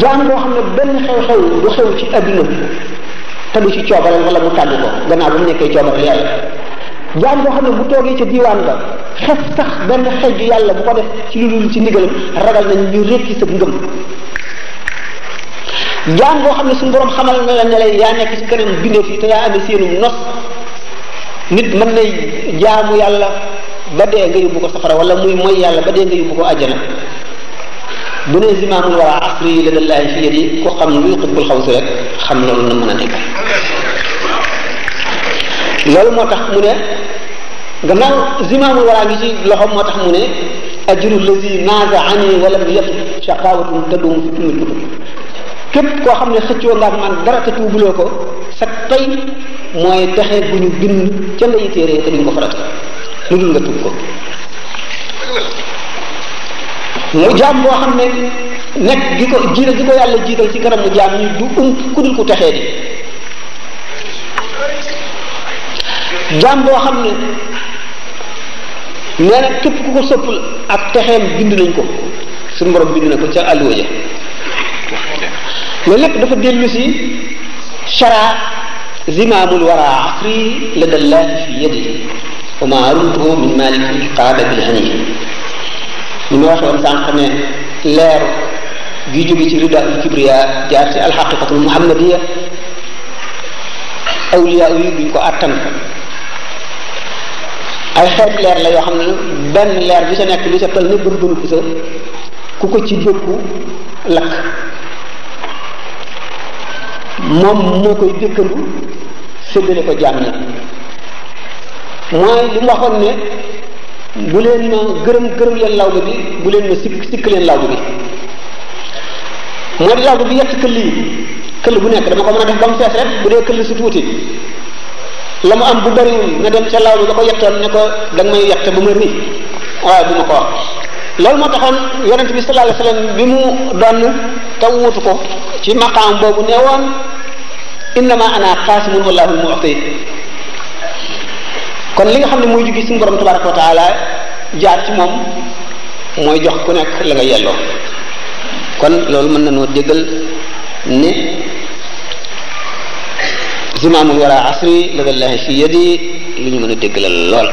jaam boo xam ne benn xew-xew du xew ci adduna bi te du ci coobareel wala mu tàgg ko gannaaw ba mu nekkee coobareel yàlla jaam boo xam ne bu toogee ca diwaan ba xef sax benn xejju yàlla bu ko def ci lu dul ci ndigalam ragal nañ ñu rekki sa ngëm jaam boo xam ne suñu borom xamal na la yaa nekk ci kanam bindeef yi te yaa amee seenum nos nit mën nay jaamu yàlla ba dee nga yóbbu ko safara wala muy moy yàlla ba dee nga yóbbu ko àjjana bu ne zimaamul asri yi la dallaahi fi yadi ku xam luy xutbul xawsi rek xam loolu na mën a nekk loolu moo tax mu ne gannaaw zimaamul wara ngi ci loxoom moo tax mu ne ajru lazi naaza ani walam yab shaqaawatun tadum képp koo xam ne xëccoo nga ak man dara te tuubuloo ko sa tey mooy texe bu ñu bind ca lay téere te duñ ko farata lu dul nga tuub ko mu jaam boo xam ne nekk gi ko jiital gi ko yàlla jiital ci kanam mu jaam ñi du um ku dul ku texee di jaam boo xam ne nee na ku ko sëppul ak texeem bind nañ ko suñu borom bind na ko ca àlluwa ja loolu lépp dafa dellu si shara zimaamul wara asri la dallahi fi yadi wa ma arumtuhu min malik qaada bilhani ni ma waxee woon sànq ne leer gi jóge ci ridaatul kibriya jaar ci alxaqiqatul muhammadiya awliya yi duñ ko àttan ay xeet leer la yoo xam ne benn leer bi sa nekk lu sa tal ne bën bën ku sa ku ko ci dëkku lakk moom moo koy dëkkandu séddale ko jàmm ñi mooy li mu waxoon ne bu leen ma gërëm gërëm leen lawbe bi bu leen ma sikk sikk leen lawbe bi moo di lawbe bi yett këll yi këll bu nekk dama ko mën a def ba mu fees rek bu dee këll su tuuti la mu am bu bëriwul na dem ca lawbe ba ko yettoon ne ko da nga may yett bu ma ri waaye bu ma ko wax loolu moo taxoon yonent bi sallallahu alayhi wasallam bi mu doon taw wutu ko ci maqaam boobu ne woon innama ana qaasimun wallahu al-mu'ti kon li nga xam ne mooy jóge suñu borom tabaraka wa jaar ci moom mooy jox ku nekk la nga yelloo kon loolu mën nañoo déggal ne zimaamul wara asri labillahi fi yadi lu ñu mën a déggalal lool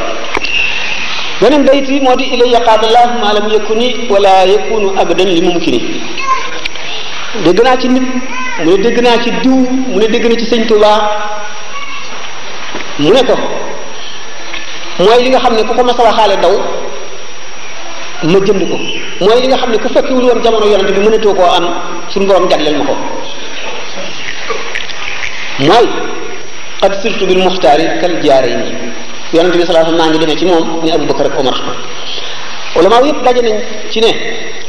beneen bayt moo di ilayya qaadallah ma lam yakuni wala yakunu abadan li mumkini dégg naa ci nit mu ne dégg naa ci diw mu ne dégg na ci sëñ Tuubaa mu ne ko mooy li nga xam ne ku ko mas daw ma jënd ko mooy li nga xam ne ku fekkiwul woon jamono yonent bi mënatoo koo am suñu borom jagleel ma ko mooy qad sirtu bi muxtaari kal jaarayni yonent bi sallallahu alayhi maa ngi demee ci moom ni Abu Bakar ak Omar ci ne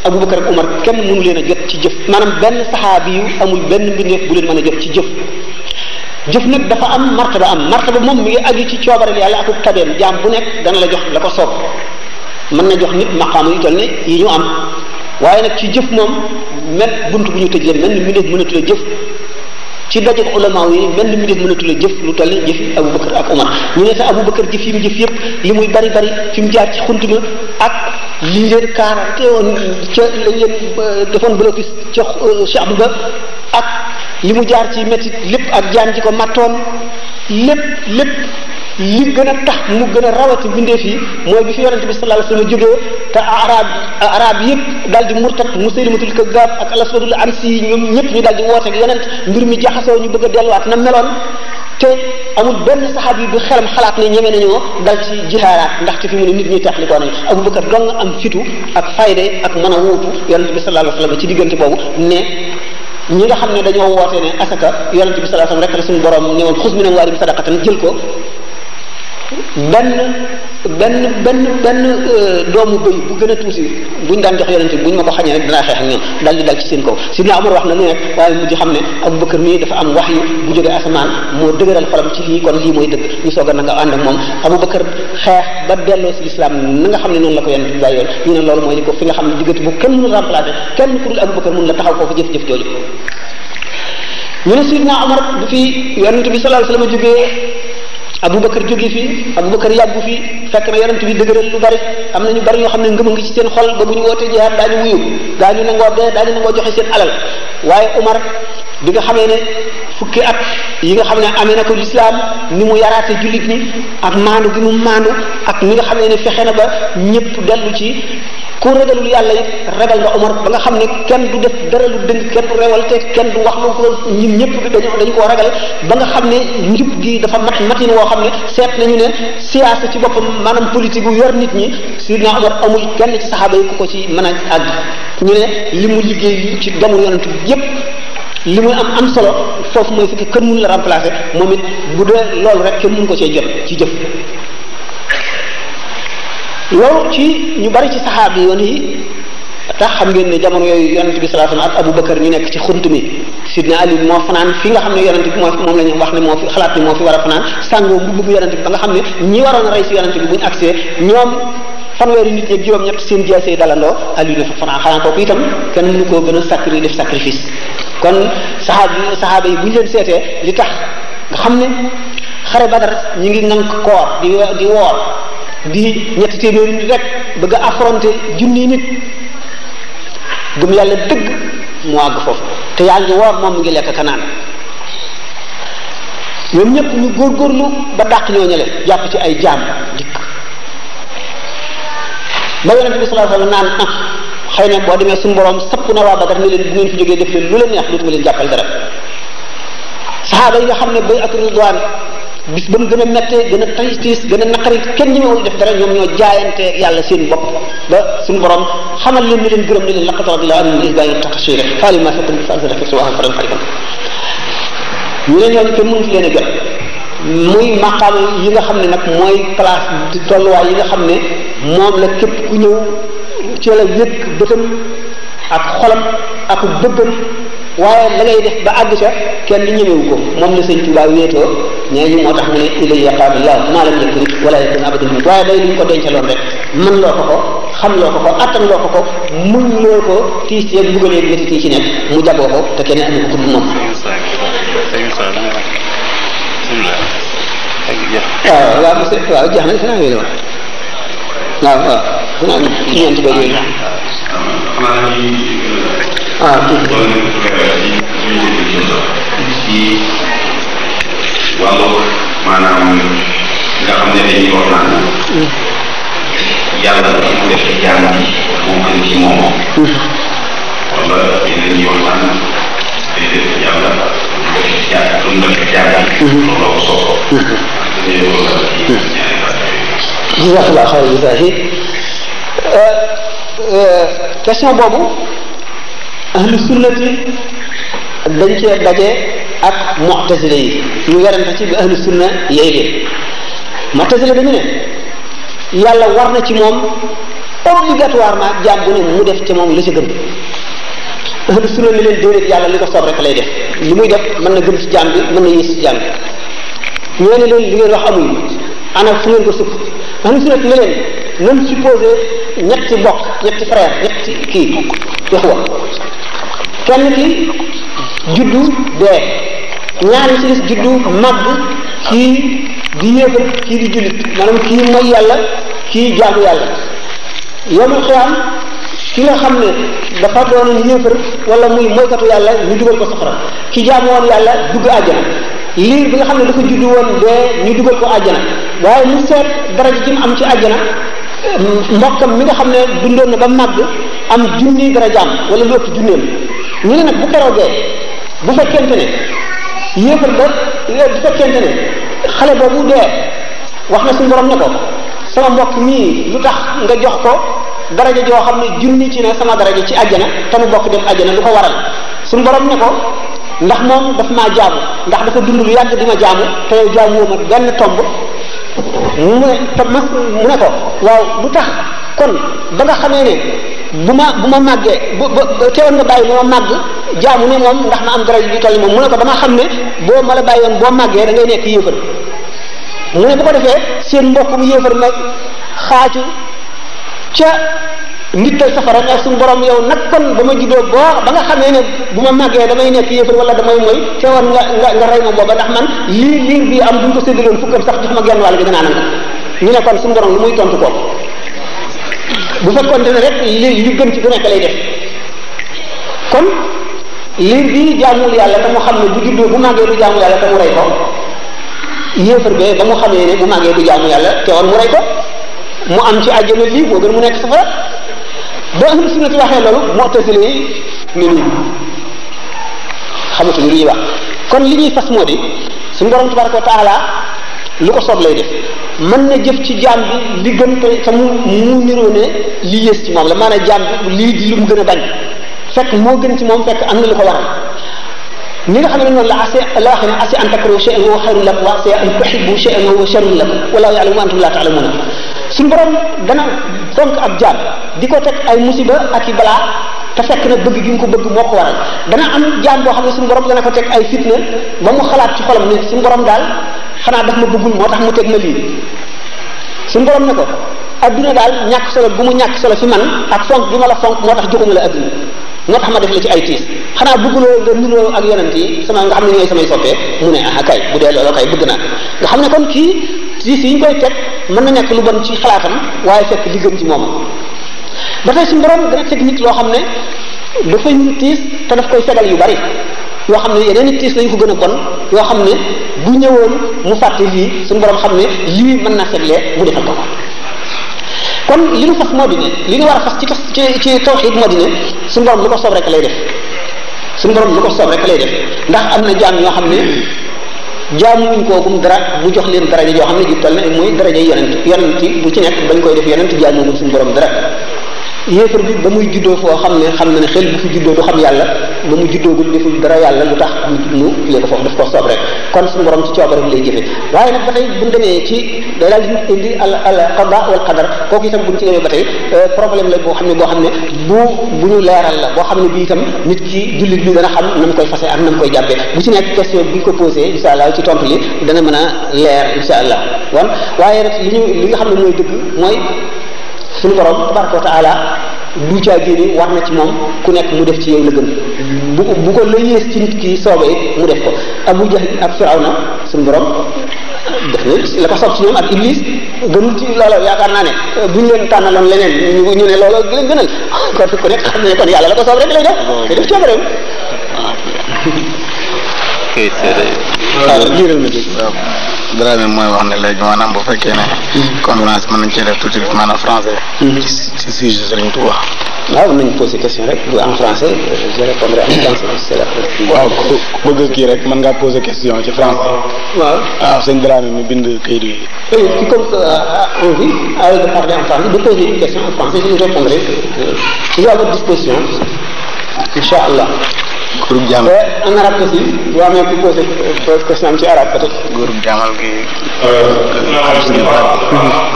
Abu Bakar ak Omar kenn mënu leen a jot ci jëf maanaam benn saxaabi yu amul benn mbindeef bu leen mën a jot ci jëf jëf nag dafa am martaba am martaba moom mi ngi aju ci coobareel yàlla akub tabeem jaam bu nekk dana la jox la ko soob mën na jox nit maqaama yu toll ne yi ñu am waaye nag ci jëf moom mel bunt bu ñu tëj leen mel ni mbindeef mënatu la jëf ci dajeeg ulama yi mel ni mbindeef mënatu la jëf lu toll ne jëf yi Abubakar ak Umar ñu ne sax Abubakar jëf yi mu jëf yëpp li muy bari bari fi mu jaar ci xunt ba ak liñ leen kaarateewoon ca lañ leen euh, defoon bénéfice ca euh, Cheikh ak li mu jaar ci métit lépp ak jaam ji ko mattoon lépp lépp li gën a tax mu gën a rawati mbindeef yi mooy bi fi yonente bi sallallahu alayhi wasallam jógee te arab arab yëpp daal di murtat musaylimatul kazzaab ak al am si ñoom ñëpp ñu daal di woote ak yonent mbir mi jaxasoo ñu bëgg a delluwaat na meloon te amul benn saxaab yi bu xelam xalaat ne ñeme nañoo dal ci jihaaraat ndax ci fi mu ne nit ñi teqlikoo nañu abubakar dong am fitu ak fayde ak mën a wuutu yonente bi sallallahu alayhi wasallam ci diggante boobu ñi nga xam ne dañoo woote ne asaka yonente bi sallallahu alayhi wasallam rek la suñu borom mi ne waari bi sadaqatan jël ko benn benn benn benn euh, doomu bëy bu gën a tuuti buñ daan jox yonente buñ ma ko xañee rek danaa xeex ak ñoom dal di dal ci seen kaw sidna Umar wax na lu waaye mujj xam ne Abu Bakar mii dafa am wax yu bu jógee asamaan moo dëgëral xolam ci lii kon lii mooy dëgg ñu soog a na nga ànd ak moom Abu Bakar xeex ba delloo si lislaam na nga xam ne noonu la ko yonente bi bàyyi yoon ñu ne loolu mooy li ko fi nga xam ne diggante bu kenn mënul remplacé kenn ku dul Abu Bakar abubakar jóge fii abubakar yàggu fii fekk na yonent bi dëgëral lu bari am na ñu bari ñoo xam ne ngëm ngi ci seen xol ba bu ñu wootee jihaad daañu wuyu daañu nangoo dee daañu nangoo joxe seen alal waaye Umar bi nga xamee ne fukki at yi nga xam ne amee na ko lislaam ni mu yaraate jullit ñi ak maandu gi mu maandu ak ni nga xam ne fexe na ba ñëpp dellu ci ku ragalul yàlla it ragal nga Omar ba nga xam ne kenn du def dara lu dëng kenn du rewal te kenn du wax lu ko ñun ñëpp dañu dañu koo ragal ba nga xam ne njub gi dafa mat matin woo xam ne seet nañu ne siyaasa ci boppam maanaam politique yu yor nit ñi Sidna Omar amul kenn ci saxaaba yi ku ko ci mën a àgg ñu ne li mu liggéey ci gamu yonent bi yépp li muy am am solo foofu mooy fukki kenn mënu la remplacer moom it bu dee loolu rek kenn mënu ko cee jot ci jëf loolu ci ñu bari ci saxaab bi yoon yi tax xam ngeen ne jamono yooyu yonent bi sallallahu alayhi Abu Bakar ñu nekk ci xunt mi sidna Ali moo fanaan fi nga xam ne yonent bi moom la wax ne moo fi xalaat ni moo fi war a fanaan sàngoo mbubb yonent bi ba nga xam ne ñi waroon a rey si yonent bi bu ñu agsee ñoom fanweeri nit ñeeg juróom-ñett seen jaasee dalandoo Ali ne fa fanaan xanaa kooku itam koo gën a sacri def sacrifice kon saxaaba yi saxaaba yi bu ñu leen seetee li tax nga xam ne xare Badar ñu ngi nank koor di di woor di ñetti téeméeri nit rek bëgg a affronter junni nit gëm yàlla dëgg mu àgg foofu te yaa ngi woor moom mu ngi lekk kanaan ñoom ñëpp ñu góorgóorlu ba dàq ñoo ñële jàpp ci ay jaam dikk ba yonente bi sallallahu alayhi wa sallam naan ah, xëy na boo demee suñu borom sapp na waa Badar ni leen bu ngeen fi jógee def leen lu leen neex dootuma leen jàppal dara saxaaba yi nga xam ne bay ak ridwaan bis ba mu gën a mettee gën a kenn ñemewul def dara ñoom ñoo yàlla seen bopp ba suñu borom xamal leen ni leen gërëm ni leen laqad radiyallahu anhum iz yubayyi'unaka fa'alima ma fa'altum bi fa'zata fi suwaha faran fariqan leen a jot muy maqaam yi nga xam ne nag mooy classe tolluwaay yi nga xam ne moom la képp ku ñëw ci la yëg bëtam ak xolam ak bëggam waaye la def ba àgg ca kenn ñëmewu ko moom la sëñ Tuubaa wéetoo ñee ñi moo tax mu ne ilay yaqaabillaa maa lam mu waaye ko dencaloon rek mën loo ko ko xam loo ko ko attan loo ko ko muñ loo ko tiis yeeg buggalee métit ci mu jagoo ko te kenn amu ko tudd moom waaw waaw waaw ñeenti bëri yooyu. ah tuuti. waaw maanaam nga xam ne dañuy wax naan yàlla dafa def ci jaam bi moo gën ci moom. wala yeneen ñi wax naan day def yàlla def ci jaam lu mu def ci jaam bi. loolu la ko soxla. dañuy wax laa xaw a Euh, euh, question boobu ahlu sunnati dañ cee daje ak mu'tazila yi ñu werante ci bi ahlu sunna yey leen mu'tazila dañu ne yàlla war na ci moom obligatoirement jaam bu ne mu def ci moom li ci gën ahlu sunna ne leen déedéet yàlla li ko soob rek lay def li muy def mën na gën ci jaam bi mën na yées ci jaam bi ñoo ne leen li ngeen wax amul ana fu ngeen ko man ahlu sunna ne leen nan supposé ñetti bokk ñetti frère ñetti kii ixwa kenn ki juddu dee ñaari si gis juddu màgg kii di yéefar kii di jullit maanaam kii mooy yàlla kii jaamu yàlla yomul xiyaam ki nga xam ne dafa doon yéefar wala muy moykatu yàlla ñu dugal ko safara ki jaamu woon yàlla dugg àjjana lii bi nga xam ne dafa juddu woon dee ñu dugal ko àjjana waaye mu seet daraja ji mu am ci àjjana mbokkam mi nga xam ne dundoon na ba màgg am junni darajaam wala lu ëpp junneem ñu ne nag bu keroogee bu fekkente ne yéefar ba bu fekkente ne xale boobu dee wax na suñu borom ne ko sama mbokk mii lu tax nga jox ko daraja joo xam ne junni ci ne sama daraja ci àjjana te nu bokk dem àjjana lu ko waral su borom ne ko ndax moom daf maa jaamu ndax dafa dund lu yàgg di ma jaamu te yow jaamu woo ma benn mu ne te mu ne ko waaw lu ma bu ma màggee bu ba teewoon nga bàyyi ma ma màgg jaamu ne moom ndax ma am dara yu toll moom mu ne ko dama xam ne boo ma la bàyyi woon boo màggee da ngay nekk yéefar mu ne bu ko defee seen mbokkum yéefar ma xaaju ca nittal safara nga suñu borom yow nag kon ba ma juddoo boo ba nga xamee ne bu ma màggee damay nekk yéefar wala damay mooy teewoon nga nga nga rey ma booba ndax man lii liir bii am bu ñu ko séddaloon fukkam sax jox ma genn wàll gi danaa nangu ñu ne kon suñu borom lu muy tontu ko bu fekkoon ne rek li li gën ci bu nekk lay def kon liir bi jaamul yàlla te mu xam ne bu juddoo bu màggee du jaamul yàlla te mu rey ko yéefar bee ba mu xamee ne bu màggee du jaamu yàlla teewoon mu rey ko mu am ci àjjana lii moo gën mu nekk safara ba ahlu sunnati waxee loolu mu'tazila yi ñu nii xamatuñu lu ñuy wax kon li ñuy fas moo di suñu borom tabaraka wa taala lu ko soob lay def mën na jëf ci jaam bi li gën te mu mu niroo ne li yées ci moom la maanaam jaam bi lii di lu mu gën a bañ fekk moo gën ci moom fekk am na lu ko waral ni nga xam ne noonu la ase la waxee ne ase an takrahu shay'an wa huwa khayrun lakum wa ase an tuhibbu shay'an wa huwa sharrun lakum antum la ta'lamun suñu borom dana fonk ab jaam di ko teg ay musiba ak i balaa te fekk na bëgg gi mu ko bëgg moo ko waral dana am jaan boo xam ne suñu borom dana ko teg ay fitna ba mu xalaat ci xolam ne suñu borom daal xanaa daf ma bëggul moo tax mu teg ma lii suñu borom ne ko adduna daal ñàkk solo bu mu ñàkk solo fi man ak fonk bi ma la fonk moo tax joxuma la adduna moo tax ma def la ci ay tiis xanaa bëgguloo nga niroo ak yonent yi sama nga xam ne ñooy samay soppee mu ne ah kay bu dee loolu kay bëgg naa nga xam siis yi ñu koy teg mën na nekk lu bon ci xalaatam waaye fekk li gën ci moom ba tey suñu borom dana teg nit loo xam ne dafa ñu tiis te daf koy fegal yu bari yoo xam ne yeneen i tiis lañ ko gën a bon yoo xam ne bu ñëwoon mu fàtte lii suñu borom xam ne lii mën naa feglee mu defal ko kon li ñu fas moo di li ñu a ci ci ci tawxiid moo di ne suñu borom lu ko soob rek lay def suñu borom lu ko soob lay def ndax am na jaam yoo xam ne jaamuwuñ kookum dara mu jox leen daraja yoo xam ne ju toll ne muy daraja yonent yonent bu ci nekk bañ koy def yonent jaamuwuñ suñu borom dara yéefar bi ba muy juddoo foo xam ne xam na ne xel bu fi juddoo du xam yàlla ba mu juddoogul deful dara yàlla lu tax mu jublu ko foofu daf ko soob rek kon suñu borom ba tey bu ñu demee ci bu ñu ci demee ba tey euh, problème la boo xam ne boo xam ne bu bu ñu leeral la boo xam ne bi itam nit ki jullit bi dana xam na mu koy fase ak na mu koy jàppee bu ci nekk question bi ñu ko posé incha allah ci tontu li dana mën a leer incha allah kon waaye li nga xam ne mooy dëgg mooy suñu borom tabaraka wa taala lu caa génne war na ci moom ku nekk mu def ci yow la gën bu bu ko la yées ci nit ki soobee it mu def ko Abu Jahl ak Firawna suñu borom def na la ko soob ci ñoom ak Iblis gënul ci loolu yaakaar naa ne euh, buñ ñu leen tànnaloon leneen ñu ñu ne loolu leen ko ah, kon ku nekk xam ne kon yàlla la ko soob rek lay def te ah, def coobareem ah, xëy seede ah, Dramé mooy wax ne a maanaam bu fekkee ne hmm. conférence mën nañ cee def tout de suite maanaam français hmm. ci sujet Serigne Touba waaw nañ posé question rek bu en français je répondrai en français waaw ku bëgg kii a mën ngaa posé question ci français a waaw ah, sëñ Dramé mi bind i comme ah, envie en français de poser une question en français je lui répondrai toujours à votre disposition allah góorub jaamal eh, te en arabe aussi boo amee ku posé question am ci arabe peut être. góorub jaamal gi. xam suñu baat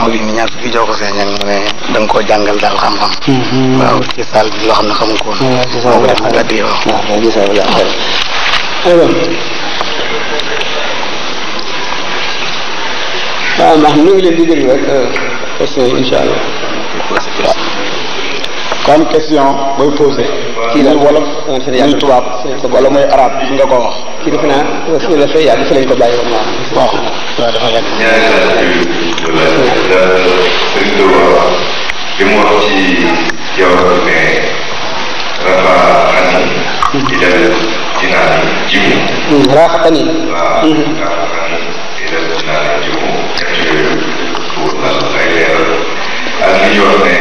mu ngi ni ñaar fi jox ko seen ñang mu ne da nga koo jàngal daal xam-xam. Mm-hmm. waaw ci saal bi loo xam ne xamu ko woon. waaw ci saal bi loo xam ne waaw ci saal bi loo xam ne. waaw ndax ñu ngi leen di déglu rek euh, question yi incha allah. daan question booy posé. kii daal wolof muy tubaab wala muy arab nga ko wax. kii defe naa fi la fee yàgg fi lañ ko bàyyi woon waaw. waaw waaw dafa yàgg. bi mu wax ci jaww ne rafa xanin. di dal ci naan jiwu. rafa xanin. waaw rafa xanin di dal ci naan jiwu. ak yooyu pour ay leeral ak li ñu wax ne.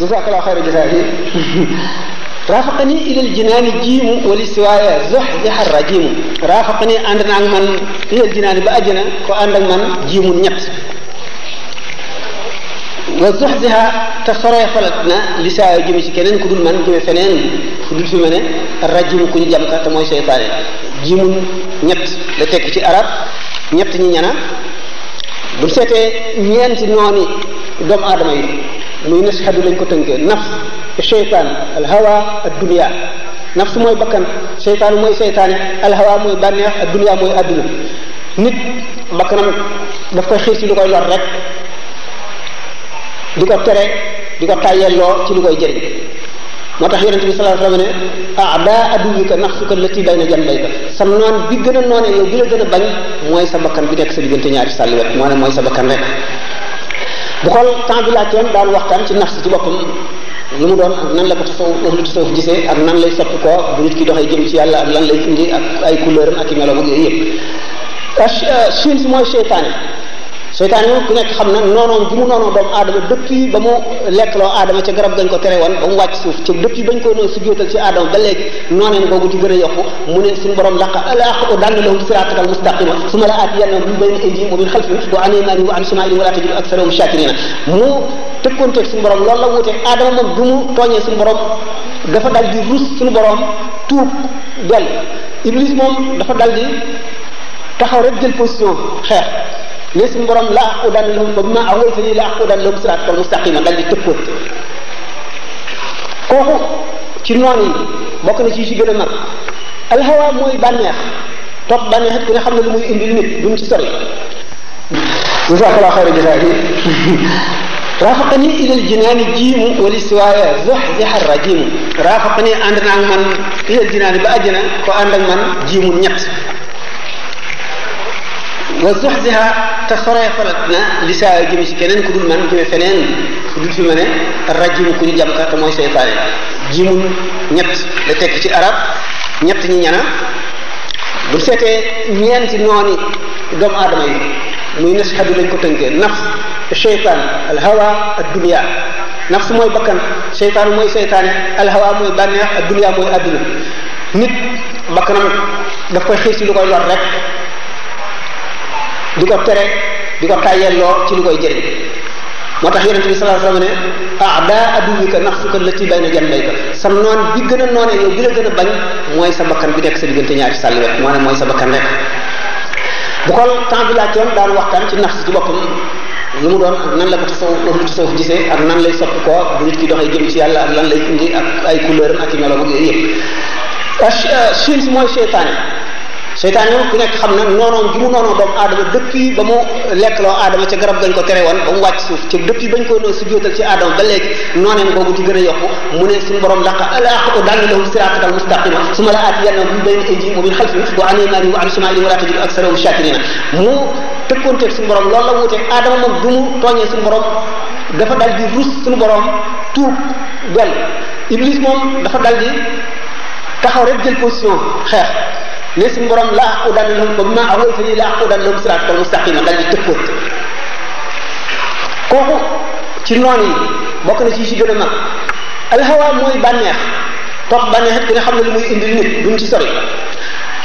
jazakallahu xayra jazaahi raafaqani ilal jinaani jiimu wali siwaaya zox jaxar rajiimu raafaqani ànd na ak man ilal jinaani ba àjjana ko ànd ak man jiimu ñett wa zox jaxa te soree li saa yoo ci keneen ku dul man jëme feneen fu dul fi ma ne rajiimu ku ñu jam ka te mooy seytaane jiimu ñett la tekk ci arab ñett ñi ñana bu seetee ñeenti nooni doomu aadama yi muy nashhadu lañ ko tënkee nafs seytaan alhawa ad dunia nafs mooy bakkan seytaan mooy seytaane alhawa mooy bànneex ad dunia mooy adduna nit bakkanam daf koy xiir ci lu koy lor rek di ko tere di ko tàyyelloo ci lu koy jëriñ moo tax yonente bi sallallahu alayhi wasallam ne aada aduwika nafsuka lati bayna janbayka sa noon bi gën a noonee yow bi la gën a bañ mooy sa bakkan bi nekk sa diggante ñaari sàlli wet moo ne mooy sa bakkan rek bu xool temps bi laajtoon daan waxtaan ci nafs ci boppam lu mu doon ak nan la ko tasawuf ahlu tasawuf gisee ak nan lay soppi ko bu nit ki doxee jëm ci yàlla ak lan lay indi ak ay couleur am ak i meloom ak yooyu yëpp. ah Chine si mooy seytaane seytaane ku nekk xam na noonoom ji mu noonoo doomu aadama depuis ba mu lekkloo aadama ca garab gañ ko tere woon ba mu wàcc suuf ci depuis bañ ko noo sujjóotal ci aadama ba léegi nooneen googu di gën a yokku mu ne suñu borom laqa laaqo dàll lahum siraatakal mustaqima su ma la aati yanna min bayni aydihim wa min xalfihim wa an aymanihim wa an shamaa'ilihim wa la wuute aadama moom du mu tooñee suñu borom dafa dal di rus suñu borom tuub dellu iblis moom dafa dal di taxaw rek jël position xeex ne suñu la aqudan lahum ba ma awaytani la aqudan lahum siratal mustaqima dal di tëkkoon kooku ci noon yi bokk na ci ci gën a mag alhawa mooy bànneex topp bànneex it ku ne xam ne lu muy indil nit duñ ci sori jazakallahu xayra jazaa'i raafaqani ilal jinaani jiimu wali siwaaya zuxzixa rajiimu raafaqani ànd naa ba àjjana ko ànd ak man jiimu ñett wa zuxziha te soree falat na li saa jëme si keneen ku dul man jëme feneen ku dul fi ma ne rajim ku ñu jam ka te mooy seytaane jimun ñett la tekk ci arab ñett ñi ñana bu seetee ci nooni doomu muy yi muy nashadu lañ ko tënkee nafs seytaan alhawa addunia nafs mooy bakkan seytaan mooy seytaane alhawa mooy bànneex addunia mooy adduna nit bakkanam daf koy xiir ci lu koy lor rek di ko tere di ko tàyyelloo ci li koy jëriñ moo tax yonente bi sallallahu alayhi wasallam ne ada aduwika nafsuka lati bayna janbayka sa noon bi gën a noonee yow bi la gën a bañ mooy sa bakkan bi nekk sa diggante ñaari sàlli wet moo mooy sa bakkan rek bu ko temps bi laajoon daan waxtaan ci nafs ci boppam lu mu doon ak nan la ko tasawuf lu tasawuf gisee ak nan lay soppi ko bu nit ki ay jëm ci yàlla ak lan lay indi ak ay couleur ak i melo yooyu yëpp. ah Chine mooy seytaane seytaane moom ku nekk xam na noonoon gi mu noonoo doomu aadama depuis ba mu ca garab gañ ko tere woon ba mu wàcc suuf ci depuis bañ koy noon su jóotal ci aadama ba léegi nooneen googu di gën yokku mu ne suñu borom la aati yanna min bayni aydihim wa min xalfihim wa an aymanihim wa an shimalihim wa la tajidu aksarahum shakirina mu tëkkoonteeg suñu borom loolu la wuute aadama moom du mu tooñee suñu borom dafa dal di rus suñu borom tuub gol iblis moom dafa dal di taxaw rek jël position xeex ne suñu borom la aqudan lahum ba ma awaytani la aqudan lahum siratal mustaqima dal di tëkkoon kooku ci noon yi bokk na ci si gën a mag alhawa mooy bànneex topp bànneex ki nga xam ne lu muy indil nit duñ ci sori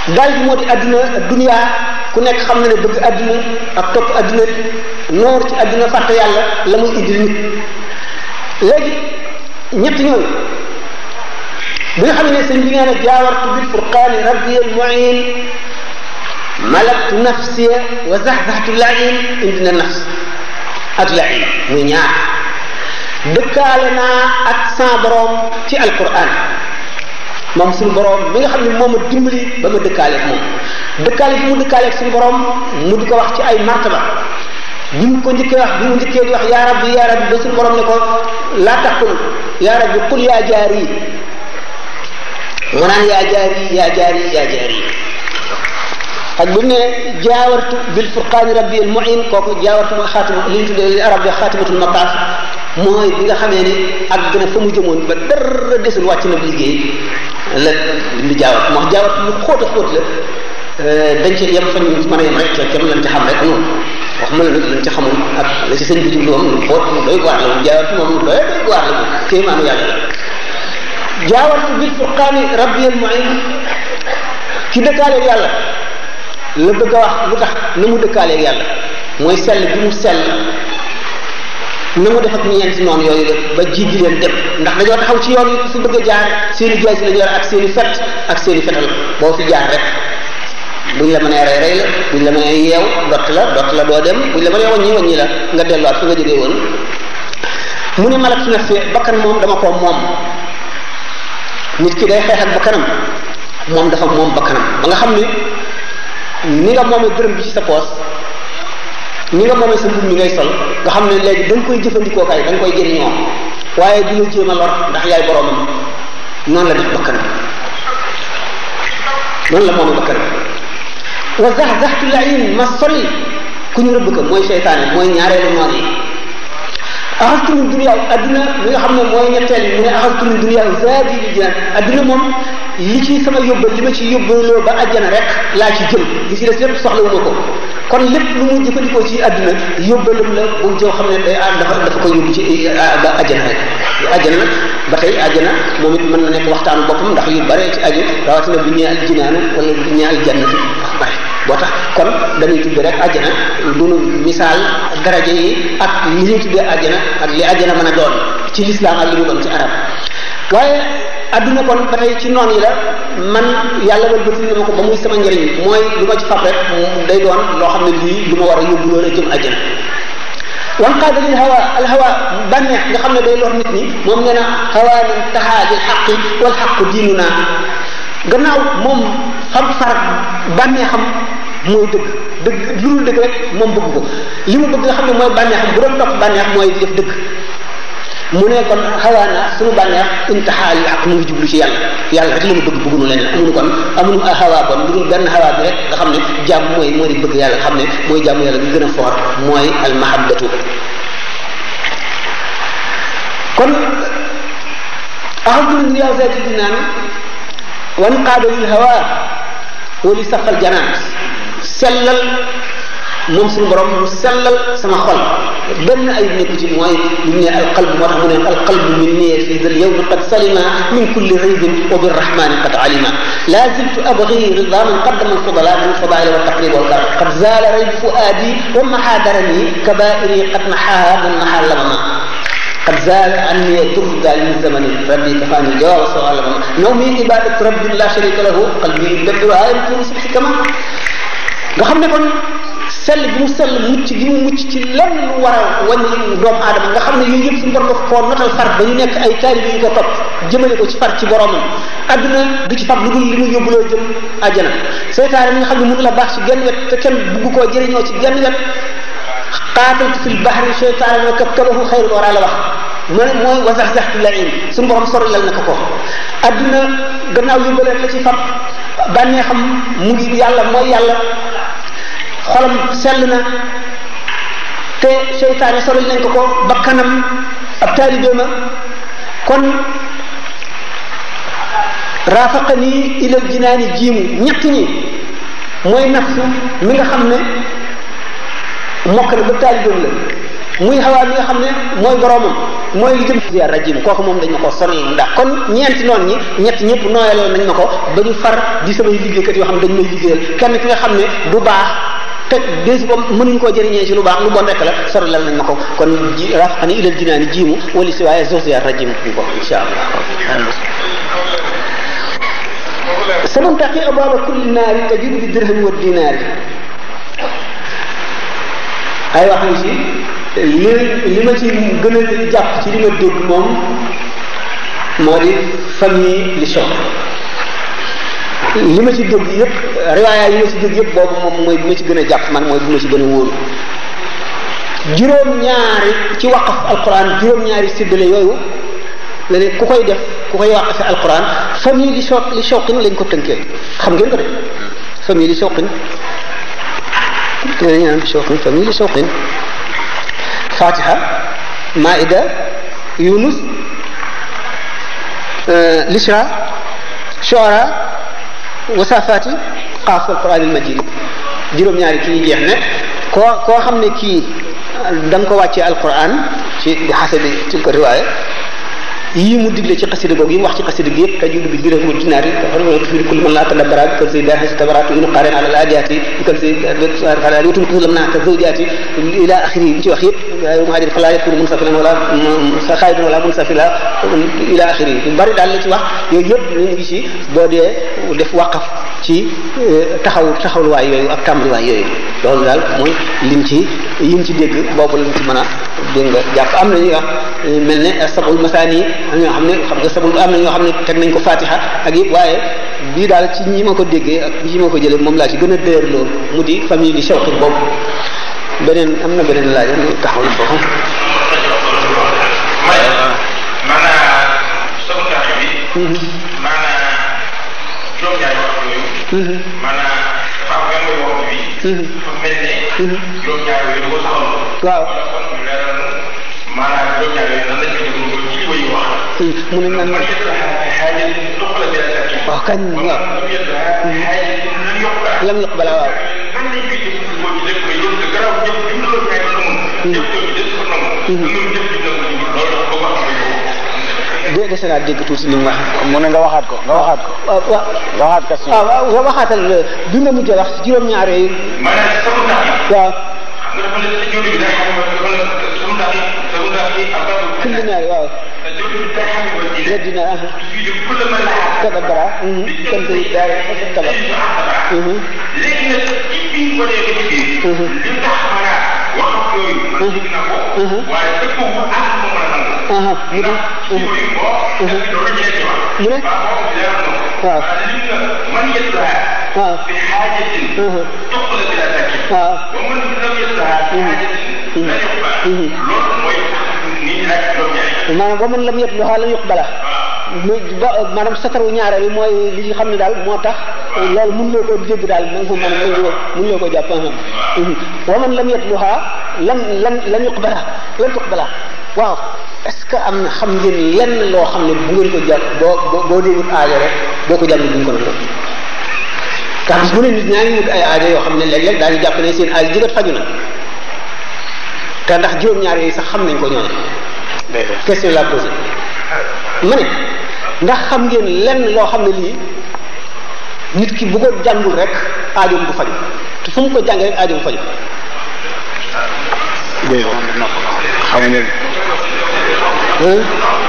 gaay bi moo di adduna dunya ku nekk xam na ne bëgg adduna ak topp adduna noor ci àddina fàtte yàlla la muy indil nit léegi ñett ñooñu bi nga xam ne sëñ bi nee na jaawartu bil furqaani rabbi al muin malaktu nafsiya wa zahzahtu lain indina nafs ak lain muy ñaar dëkkaale naa ak sa borom ci alquran moom suñu mi nga xam ne moo ma dimbali ba ma dëkkaale ak moom dëkkaale bi mu dëkkaale ak suñu borom mu di ko wax ci ay martaba bi mu ko njëkkee wax bi mu njëkkee di wax yaa rabbi yaa rabbi ba suñu borom ne ko laa taxul yaa rabbi qul yaa jaari mu naan yaa jaari yaa jaari yaa jaari xaj bu ne jaawartu bil furqaani rabbi al muin kooku jaawartu mooy xaatima li ñu tuddee li arab bi xaatimatul mataaf mooy bi nga xamee ni àgg na fa mu jëmoon ba dara desul wàcc na liggéey la li jaawartu moo jaawartu lu xóot la euh, dañ ci yem fa ñu mën a yem rek ca kem xam rek noonu wax ma la lu lañ ci la ci sëñ bi jublu woon lu mu la mu jaawartu moom mu doy la jaawartu bil furqaani rabbiyal mu'in ci dëkkaaleeg yàlla la bëgg a wax lu tax na mu dëkkaaleeg yàlla mooy sell bi mu sell na mu def ak ñeenti noonu yooyu ba ji leen dem ndax dañoo taxaw ci yoon yi su bëgg jaar seen i jaay si lañu yor ak seen i fet ak seen i fetal boo fi jaar rek buñ la mënee rey rey la buñ la mënee yeew dott la dott la doo dem buñ la mënee waññi waññi la nga delluwaat fi nga jógee woon mu ne malak nafsi bakkan moom dama ko moom nit ki day xeex ak bakkanam moom dafa moom bakkanam ba nga xam ni ni nga moomee dërëm bi ci sa poos ni nga moomee sa mbub mi ngay sol nga xam ne léegi da nga koy jëfandikoo kay da nga koy jëriñoo waaye du la jéem a lor ndax yaay boroomam noonu la def bakkanam noonu la moomee bakkanam wa zax zaxtu lain ma sori ku ñu rëbb ko mooy seytaane mooy ñaareelu noon yi axastum dunya adduna li nga xam ne mooy ñetteel bi mu ne axastum dunya zaadi li jinaan adduna moom li ci sama yóbbal li ma ci yóbbaloo ba àjjana rek laa ci jëm li ci des lépp soxlawuma ko kon lépp lu mu jëfandikoo ci adduna yóbbalam la bu joo xam ne day ah dafa dafa koy yóbbu ci eh, ba àjjana rek àjjana nag ba tey àjjana moom it mën na nekk waxtaanu boppam ndax yu bare ci aju rawatina bu ñee al jinaanu wala bu ñee al jannatu wax bare boo tax kon dañuy tudd rek àjjana dunu misaal daraja yi ak li ñuy tuddee àjjana ak li àjjana mën a doon ci lislaam ak li mu doon ci arab waaye adduna kon ba ci noon yi la man yàlla wal bëti na ma ko ba muy sama njëriñ mooy lu ma ci fab rek day doon loo xam ne lii lu ma war a yóbbu loolu jëm àjjana wanqaada lil hawa al hawa bànneex nga xam ne day lor nit ñi moom nee na hawa min tahaa lil diinu naa gannaaw moom xam farat bànneexam mooy dëgg dëgg lu dul dëgg moom bëgg li mu bëgg nga xam ne mooy bànneex bu doon topp bànneex mooy def dëgg mu ne kon xawaana suñu bànneex intaxaal yi ak mu ngi jublu ci yàlla yàlla rek la ñu bëgg bëggunu leneen amuñu kon amuñu xawaa bon lu dul benn xawaa bi rek nga xam ne jàmm mooy moo di bëgg yàlla xam ne mooy jàmm yàlla bi gën a fort mooy almahabbatu kon axabdul riyaasati dinaan wan qaadalil hawa wali saqal janaan sellal moom suñu borom mu sellal sama xol benn ayib nekku ci mooy li mu ne alqalb moo tax mu ne alqalb min niya fi dal yawm qad salima min kulli raybin wa bi rahmani qad alima la ziltu abghi rida man qaddama alfudala min alfadaili wa taqrib wal karam qad zala rayb fuadi wa mahadarani kabairi qad nahaha man naha lamama قد زال عني الدر من زمن ربي كفاني الجواب والسؤال نومي عبادة ربي لا شريك له قلبي يدبر آية الكرسي الحكمة nga xam ne kon sell bi mu sell mucc bi mu mucc ci lenn lu war a wàññi doomu aadama nga xam ne yooyu yëpp suñu borom daf koo notal far ba ñu nekk ay taalibe yu ko topp jëmale ko ci far ci boromam adduna du ci fab lu dul li mu yóbbuloo jëm àjjana seytaane mi nga xam ne mënu la baax ci genn wet te kenn bugg koo jëriñoo ci genn wet qaatiltu fil bahri seytaane ma kaptalahu xayrul wara la wax mooy mooy wazaxzaxtu lain suñu borom soralal na ko ko adduna gannaaw yëmbaleen la ci fab bànnee xam mu ngi yàlla mooy yàlla xolam sell na te seytaane soril nañ ko ko bakkanam ab taalibeema kon raafaqani ilal jinaani jiimu ñett mooy nafsu mi nga xam ne mokk na ba taalibeem la muy xawaa bi nga xam ne mooy boromam mooy jëm ziar rajim kooku moom dañ ma ko sonal ndax kon ñeenti noonu ñi ñett ñëpp nooyaloon nañ na ko ba ñu far di samay liggéey liggéeykat yoo xam ne dañ may liggéeyal kenn ki nga xam ne du baax te dési ko mënuñ koo jëriñee ci lu baax lu bon rek la lal nañ ma ko kon ji raaf ani ilal jinaani jiimu wala si waaye zo ziar rajim ñu ko insha allah saman taqi abwaaba kulli naari tajidu bi dirhami wa dinaari ay wax ci li li ma ci gën a jàpp ci li ma dégg moom moo di famille li sox li ma ci dégg yëpp riwaaya yi ma ci dégg yëpp boobu moom mooy bi ma ci gën a jàpp man mooy bi ma ci gën a juróom-ñaari ci waqaf alquran juróom-ñaari séddale yooyu la ku koy def ku koy waqafe alquran famille li soq li soqin lañ ko tënkee xam ngeen ko de famille li soqin te dañu naan soqin li soqin fatiha maida yunus euh, lisra shora wasafati qaaf wal qur'anil majid juróom-ñaari kii jeex ne koo koo xam ne kii da ko wàccee alquran ci di xase bi ci ko yii mu digle ci xasida googu yi mu wax ci xasida gi yëpp tajulu bi dirham wa dinaar yi fi kulli man laa tadabbara bi kanzi daa xis tabaratu naa ka zawjaati ila axiri bi ci wax yëpp muhajir fa laa yakunu munsafilan wala xaayidin la ci wax yooyu yëpp ñu ngi ci boo dee eh, loolu daal mooy liñ ci yiñ ci dégg boobu lañ ci mën a dégg nga jàpp am na ñuy wax eh, mel ne sabul masaani ñoo xam ne am na ñoo xam ne teg nañ ko fatiha ak yëpp waaye bii daal ci ñi ma ko déggee ak ñi ma moom laa ci gën a dëër loolu mu di famille bi Shawqi boobu beneen am na beneen laa am na taxaw yi mu ne nan waaw kañ waaw lam lëq balaa waaw dé dese naa dégg tuuti li mu wax mu ne nga waxaat ko nga waxaat ko waaw waaw nga waxaat question waaw waaw waxaatal bi nga mujjee wax juróom-ñaar yooyu waaw kulli ñaari waaw يدنا اها كذا برا كنت دار كذا اها لكن تيبي ولا يجي لتاح برا وقت يوم waaye dëkk bu ànd ko mën a nangu. mu ne. mu ne. waaw. waaw. waaw. waaw. maanaam man lam yet loxaa lan yuq bala maanaam sataru ñaare bi mooy li xam ne daal moo tax loolu mën loo ko dégg daal maanaam loo ko jàpp waman mhm. lam yet loxaa lan lan lan yuq lan yuq bala waaw est-ce que am na xam ngeen lenn loo xam ne bu ngeen ko jàpp boo boo déewut aajo rek boo ko jàpp bu ñu ko nangu bis bu ne nit ñaa ngi wut ay aajo yoo xam ne léeg-léeg daañu jàpp ne seen aajo jigat faju na te ndax juróom-ñaar yooyu sax xam nañ ko ñooñu question la xam ngeen lenn loo xam ne lii nit ki bu ko jàngul rek aajoom du faju te fu mu ko jàngee rek aajoom faju déedéet xam hmm?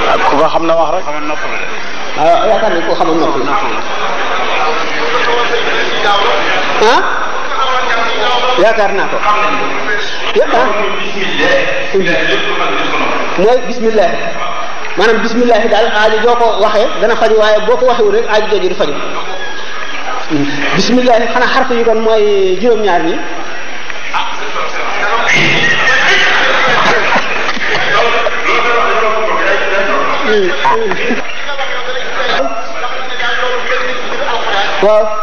ah, ko xam na wax rek. ah yaakaar ne ku ko xamoon nopp ah? naa ko. yëpp ah. mooy bismillah maanaam bismillah daal aajo joo ko waxee dana faju waaye boo ko waxewul rek aajo jooju du faju bismillah xanaa xarf yi kon mooy juróom-ñaar ñi waaw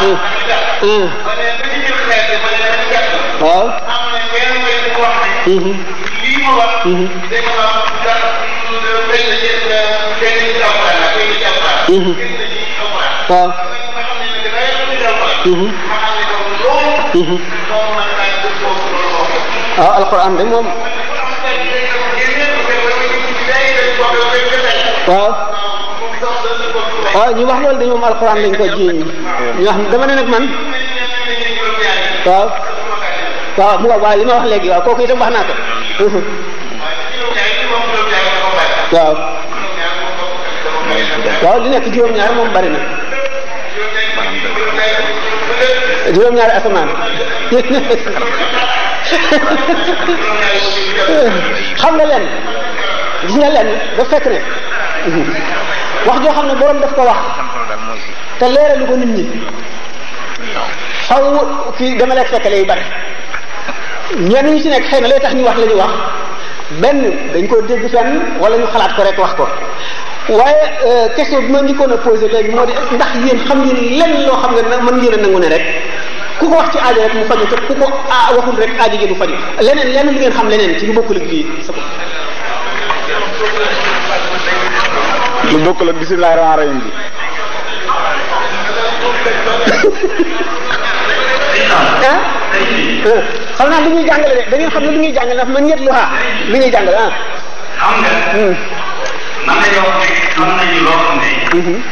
waaw. waaw. ah alquran de moom. waaw. waaw ah, ñu wax loolu dañu moom alxuraan lañ ko jiiñ ñu wax dama ne nag man waaw waaw mu waaw li ma wax léegi waaw kooku itam wax naa ko waaw waaw li nekk juróom-ñaar moom bari na juróom-ñaari asamaan xam nga lenn gis nga lenn da fekk ne wax joo xam ne borom daf ko wax te leeralu ko nit ñi faw fii dama lay fekkale yu bari ñenn ñu ci nekk xëy na lay tax ñu wax la ñu wax benn dañ ko dégg fenn wala ñu xalaat ko rek wax ko waaye euh, question bi ma njëkkoon a posé léegi moo di ndax yéen xam ngeen lenn loo xam ne mën ngeen a nangu ne rek ku ko wax ci aajo rek mu faju te ku ko ah, waxul rek aajo ji du faju leneen lenn lu ngeen xam leneen ci lu bokkul ak lii sa lu bokkul ak bisimilah rahmaan rahim bi ah xam naa lu ñuy jàngale de da xam ne lu ñuy jàngale daf man ñett lu xaa lu ñuy jàngale ah. xam hmm. mm-hmm.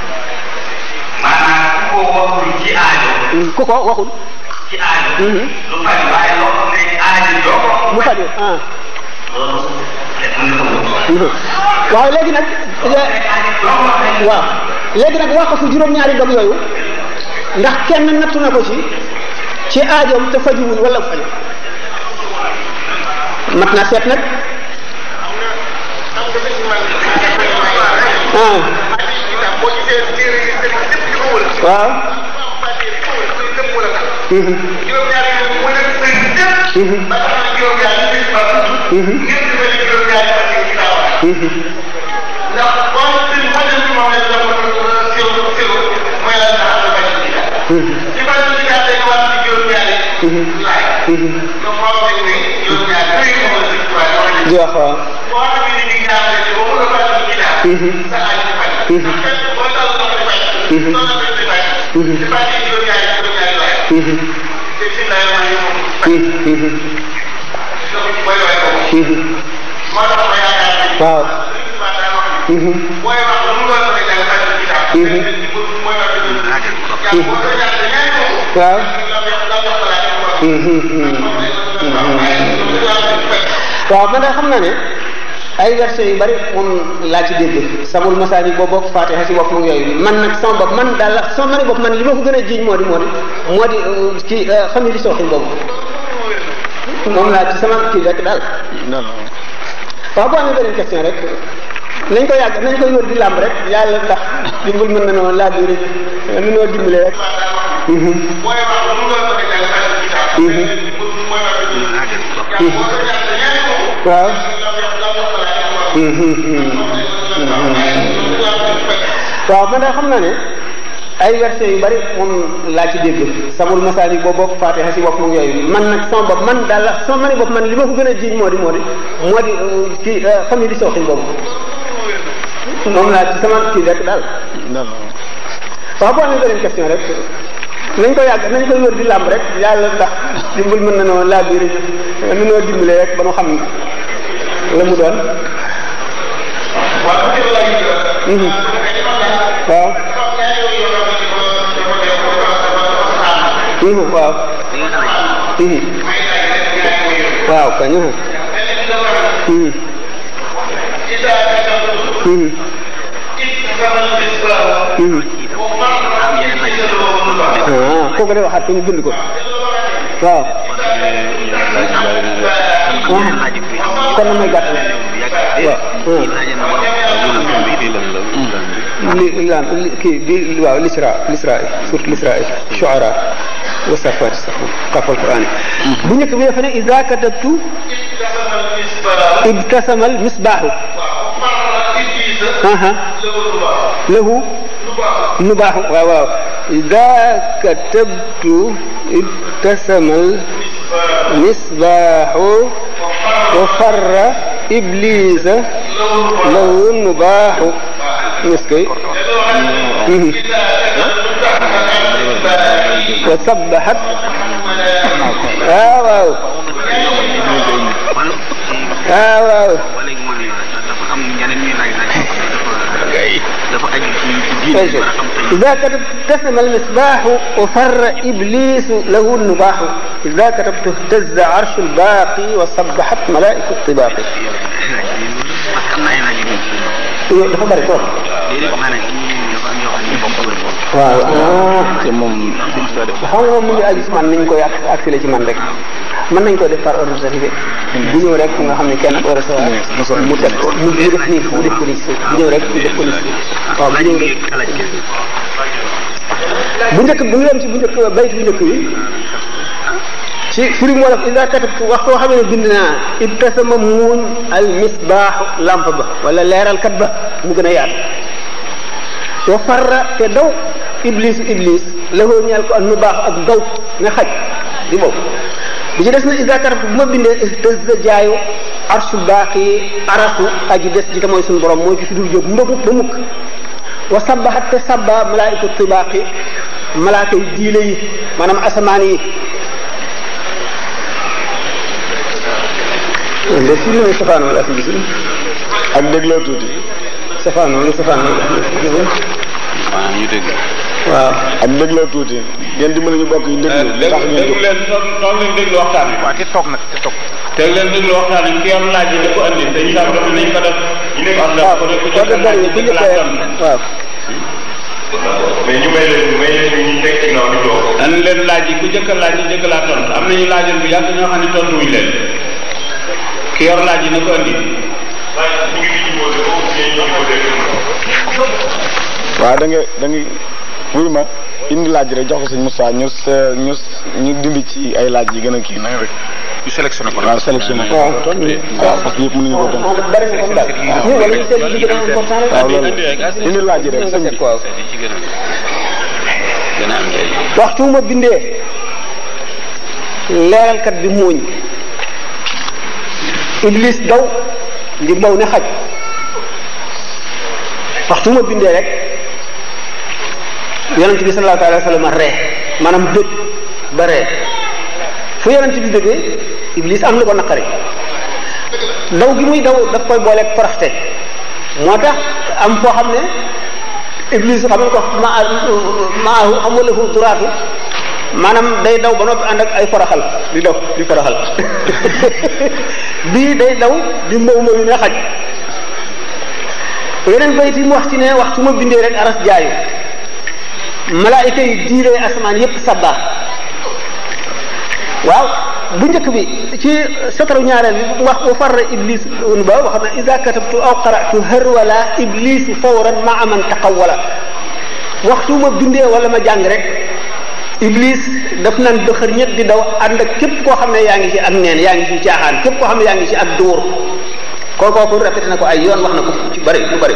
ku ko waxul ci mm, mm-hmm. faj waaye ah. mm-hmm. léegi nag waaw léegi nag wax juróom-ñaari dog yooyu ndax kenn nattu na ko ci ci aajoom te fajuwul wala mat na seet nag ah. waaw mhm. Mhm. Mhm. waaw mooy wax lu man de xam na ne ay verset yu bari moom laa ci dégg samul masaani boo bokk fatiha si bopp yooyu man nag sama man daal sama mani bopp man li gën a jiiñ moo di moo di moo di euh, ci euh, famille di laa ci sama kii rek daal. waaw boo amee beneen question rek. nañ ko yàgg nañ koy wër di làmb rek yàlla tax dimbal mën na noo laa biir mën noo dimbale rek waaw waaw man de xam na ne ay verset yu bari moom laa ci dégg sabul masaal yi boo bokk fatiha si bopp mu yooyu man nag sama bopp man daal la sama mani bopp man li ma ko gën a jiiñ moo di moo di moo di ci euh, famille di moom laa ci sama kii rek daal. waaw boo amee beneen question rek nañ ko yàgg nañ koy wër di làmb rek yàlla ndax dimbal mën na noo laa biir mën noo dimbale rek ba nu xam la mu doon. waaw. waaw. waaw kañ. kooku day waxaat ko ñu bind ko waaw. kon nag mooy gàttal waaw. li li kii bi waaw l'isra l'isra surtout l'isra shuara wa safaati saxum xafal quraan bu njëkk bi dafa ne iza katabtu ibtasamal misbaaxu aha lahu nu baaxu waaw waaw iza katabtu ibtasamal misbaaxu wa farra iblisa lahu nu baaxu est-ce que wa sabbahat waaw waaw waaw waaw إذا ابتسم المصباح وفر إبليس له النباح إذا كتبت اهتز عرش الباقي وسبحت ملائكة الطباق dafa bari waaw te ah, moom. xam mu ngi aju si man ni ñu koy accéléré ci man rek mën nañ ko def par ordre de bu ñëw nga xam ne kenn ko recevoir mu teg ko mu def nii bu ñëw rek mu def ko nii suuf waaw bu bu njëkk bu ñu ci bu njëkk bayt bu njëkk bi. ci firim wolof ida katabtu waxtu boo xam ne bind naa ibtasama muuñ al misbaaxu làmp ba wala leeral kat ba mu gën a yaatu. wa farra te daw iblis iblis la ko ko ak nu baax ak daw ne xaj di boobu bi ci des na isakar bu ma bindee tës da jaayu arsul baaqi arasu aji des ji te mooy suñu borom mooy ki fi dul jóg mba mukk ba mukk wa sabbaxat te sabba malaayika tibaaqi malaaka yi yi maanaam asamaan yi léegi si li muy safaanoo la tuuti safaanoon safaanoon maanaam ñu dégg waaw ak di mën ñu bokk ñu déglu ndax ngeen déglu leen noonu leen déglu waxtaan bi waaw te toog nag te toog te leen déglu waxtaan bi ki am laaj yi da ko andi dañu ñu ku ñu koy waaw mais ñu may ñu laaj yi ku jëkk laaj laa tontu yàgg ñoo xam ne tontu wuñu leen ki yor laaj yi na ko andi waaw da nga da ma indi laaj rek jox ko sëñ Moussa ñu ñu ñu dindi ci ay laaj yi gën a kii nag rek. ñu sélectionné ko waaw sélectionné ko. waaw parce que ko doon. waaw indi laaj rek sëñ bi. bindee leeralkat bi mooñ Iblis daw. ngir law ne xaj waxtu ma bindee rek yonent bi sallallahu alayhi wa sallam ree maanaam bëgg ba ree fu yonent bi bëggee iblis am lu ko naqari daw gi muy daw daf koy booleeg faraxte moo tax am foo xam ne iblis xamal ko ma ma xamal la fu turaatu maanaam day daw ba noppi ànd ak ay faraxal di daw di faraxal bii day daw di mbaw mbaw yi ne xaj yeneen bayit yi mu wax ci ne wax su ma bindee rek aras jaayu malaayika yi diiree asamaan yépp sabba waaw bu njëkk bi ci sataraw ñaareel bi wax bu farra iblis un ba wax na isa katabtu aw qaratu hërwala iblisi fawran maa man taqawwala waxtu ma bindee wala ma jàng rek iblis daf naan dëxër ñett di daw ànd képp koo xam ne yaa ngi ci ak neen yaa ngi ci jaaxaan képp koo xam ne yaa ngi ci ak dóor kookooku répété na ko ay yoon wax na ko ci bëri lu bëri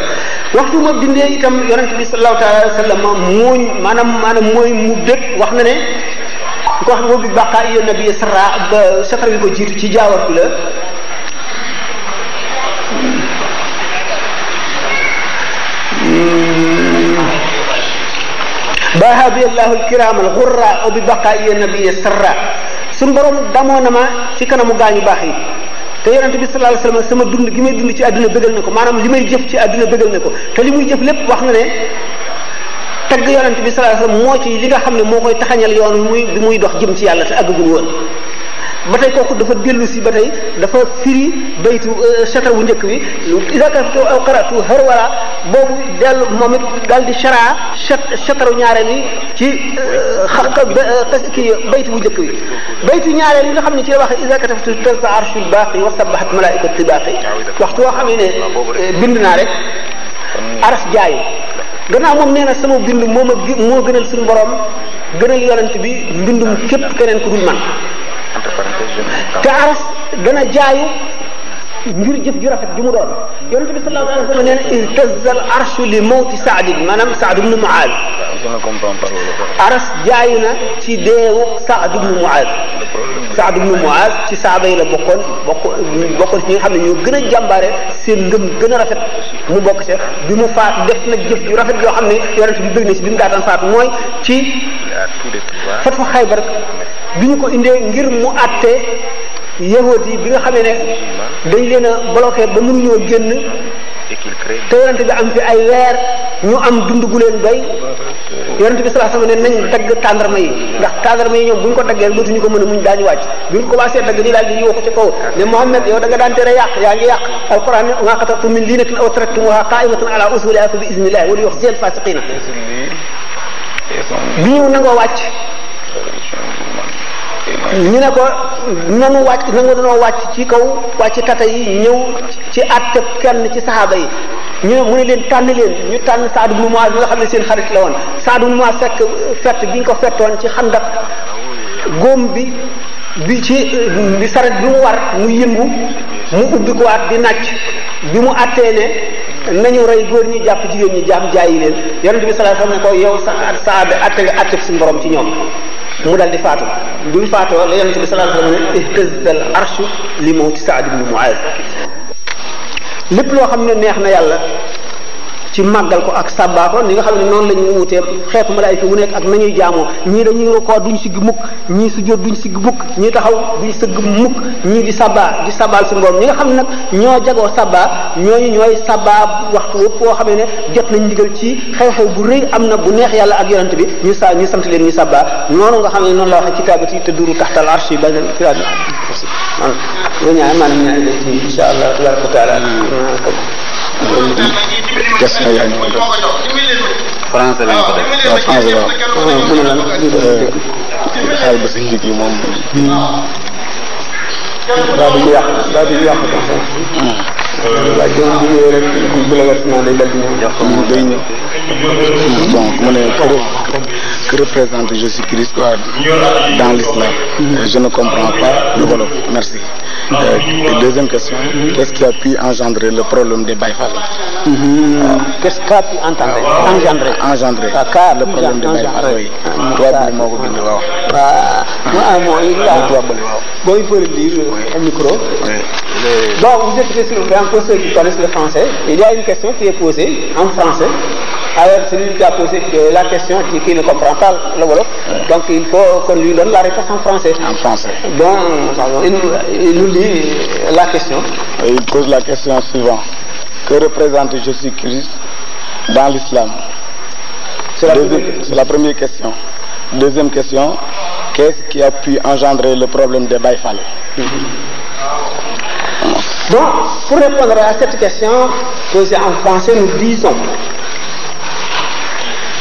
waxtu ma bindee itam yonent bi sallallahu taala wa sallam mooñ maanaam maanaam mooy mu dëkk wax na ne ko wax ne boobu baqaa iyo nabi sara ba safar bi ko jiitu ci jaawatu la hmm. bahabi allahu alkiram alxurra aw bi baqaayi nabiya sara suñu borom damoo na ma ci kanamu gaañu baax yi te yonente bi sallallahu alayhi sama dund gi may dund ci àdduna bëggal na ko maanaam li may jëf ci àdduna bëggal ne ko te li muy jëf lépp wax na ne tagg yonente bi sallallahu alayhi moo ci li nga xam ne moo koy taxañal yoon muy bi muy dox jëm ci yàlla te àggagul woon ba tey kooku dafa dellu si ba dafa firi baytu euh, chata wu njëkk bi isakatu aw xaratu harwala boobu dellu moom it daal di chara wu ñaareel yi ci euh, euh, ki baytu bu njëkk bi baytu ñaareel yi nga xam ne ci la waxe isakataftu talfa arshul baaqi wa sabahat malaikatu baaqi waxtu woo xam ne bind naa rek aras jaayu gannaaw moom nee na sama bind moo ma moo gënal suñu borom gënal yonent bi mbindum képp keneen ku dul ka aras dana jaayu ngir jëf ju rafet ju mu doon yonent bi sallallahu alayhi wa sallam nee na ihtazza al arshu li mawti Saad aras jaayu na ci deewu Saad ibnu mu Saad ibnu Muaad ci saaba yi la bokkoon bokk bokkoon ci ñi nga xam ne ñoo gën a jàmbaare seen ngëm gën a rafet mu bokk ci bi mu faat def na jëf ju rafet yoo xam ne bi bëgg na si bi mu daataan mooy ci fatfu Xaybar bi ñu ko indee ngir mu àtte yahudi yi bi nga xamee ne dañ leen a bloqué ba mënuñoo génn te yonent bi am fi ay weer ñu am dund gu leen doy yonent bi sallallahu alayhi wasallam ne nañ dagg tàndarma yi ndax tàndarma yi ñoom bu ñu ko daggee dootuñu ko mën a muñ daañu wàcc bi ñu commencé dagg ñu daal di yuuxu ci kaw ne Muhammad yow da nga daan tere yàq yaa ngi yàq alquran ne ma qatartum min linatin aw taraktumha qa'imatan ala usuliha fa bi iznillah wa liyukhziyal fasiqina bi ñu nangoo ñu ne ko nanu wàcc nanu danoo wàcc ci kaw wàcc kata yi ñëw ci àtte kenn ci saxaaba yi ñu ne mu ne leen tànn leen ñu tànn Saad ibn Muaz bi nga xam ne seen xarit la woon Saad ibn Muaz fekk fett bi ñu ko fettoon ci xandak góom bi bi ci bi saret bi mu war mu yëngu mu ubbi ko waat di nàcc bi mu attee ne nañu rey góor ñi jàpp jigéen ñi jaam jaayi leen yonent bi sallallahu alayhi wasallam ne ko yow sa saabe atte nga atte suñu borom ci ñoom mu dal di faatu bi mu faatoo la yonent bi sallallahu alayhi wasallam ne ihtazza al arshu li mawti Saad ibn Muaz lépp loo xam ne neex na yàlla ci màggal ko ak sàbbaa ko ni nga xam ne noonu la ñuy wutee xeetu malaayika wu nekk ak nañuy jaamoo ñii dañuy rokoo ñu sigg mukk ñii sujjóot duñ sigg mukk ñii taxaw duñ sëgg mukk ñii di sàbbaa di sàbbaal suñu borom ñi nga xam ne nag ñoo jagoo sàbbaa ñooñu ñooy sàbbaa waxtu wëpp woo xam ne jot nañ ndigal ci xew-xew bu rëy am na bu neex yàlla ak yonent bi ñu sa ñu sant leen ñu sàbbaa noonu nga xam ne noonu la waxe ci taabati te duru taxtal arshi ba kirabi si maanaam ñaan maanaam ñaan des na yoon. français lañ ko def. Ah, waaw français waaw. Ah, mu ne lan xaal ba si nit yi moom. daa di yàq daa di yàq sax sax. waaw jërëjëf bu ñëwee rek bu la weesu noonu day dal di ñëw. yàq moom day ñëw. donc hmm. mu ne que représente Jésus-Christ dans l'islam Je ne comprends pas le wolof. Merci. Euh, deuxième question, qu'est-ce qui a pu engendrer le problème des Baye Fall hmm, Qu'est-ce qui a pu engendrer engendrer engendrer le problème des Baye Fall oui il faut le dire euh, au micro donc vous êtes le français il y a une question qui est posée en français Alors, celui qui a posé la question dit qu'il ne comprend pas le Donc, il faut qu'on lui la réponse en français. En français. Donc, nous lit la question. Et il pose la question suivante. Que représente Jésus-Christ dans l'islam C'est la, première question. Deuxième question. Qu'est-ce qui a pu engendrer le problème des Baïfalais mm pour répondre à cette question posée en français, nous disons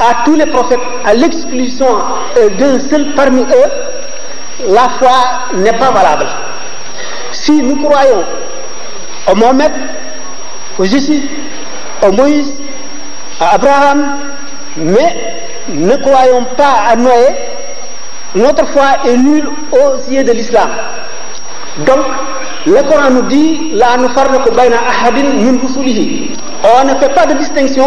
à tous les prophètes, à l'exclusion euh, d'un seul parmi eux, la foi n'est pas valable. Si nous croyons au Mohammed, au Jésus, au Moïse, à Abraham, mais ne croyons pas à Noé, notre foi de l'islam. Donc, le Coran nous dit, la On ne fait pas de distinction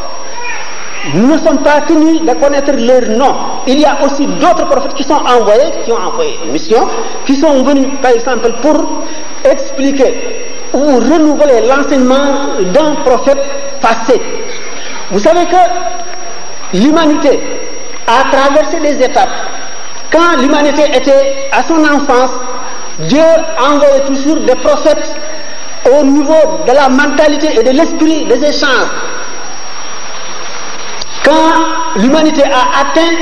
nous ne sommes pas tenus de connaître leur nom. Il y a aussi d'autres prophètes qui sont envoyés, qui ont envoyé une mission, qui sont venus, par exemple, pour expliquer ou renouveler l'enseignement d'un prophète passé. Vous savez que l'humanité a traversé des étapes. Quand l'humanité était à son enfance, Dieu envoyait toujours des prophètes au niveau de la mentalité et de l'esprit des échanges Quand l'humanité a atteint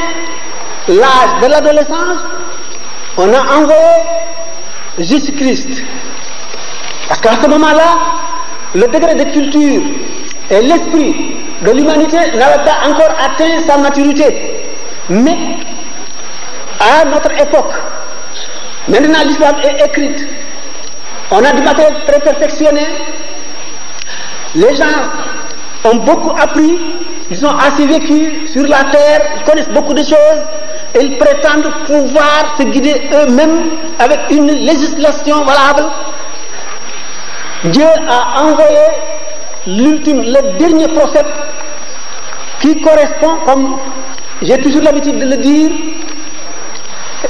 l'âge de l'adolescence, on a envoyé Jésus-Christ. Parce qu'à ce moment-là, le degré de culture et l'esprit de l'humanité n'avaient pas encore atteint sa maturité. Mais à notre époque, maintenant l'islam est écrite. On a du matériel très Les gens ont beaucoup appris, ils ont assez vécu sur la terre, ils connaissent beaucoup de choses, et ils prétendent pouvoir se guider eux-mêmes avec une législation valable. Dieu a envoyé le dernier prophète qui correspond, comme j'ai toujours l'habitude de le dire,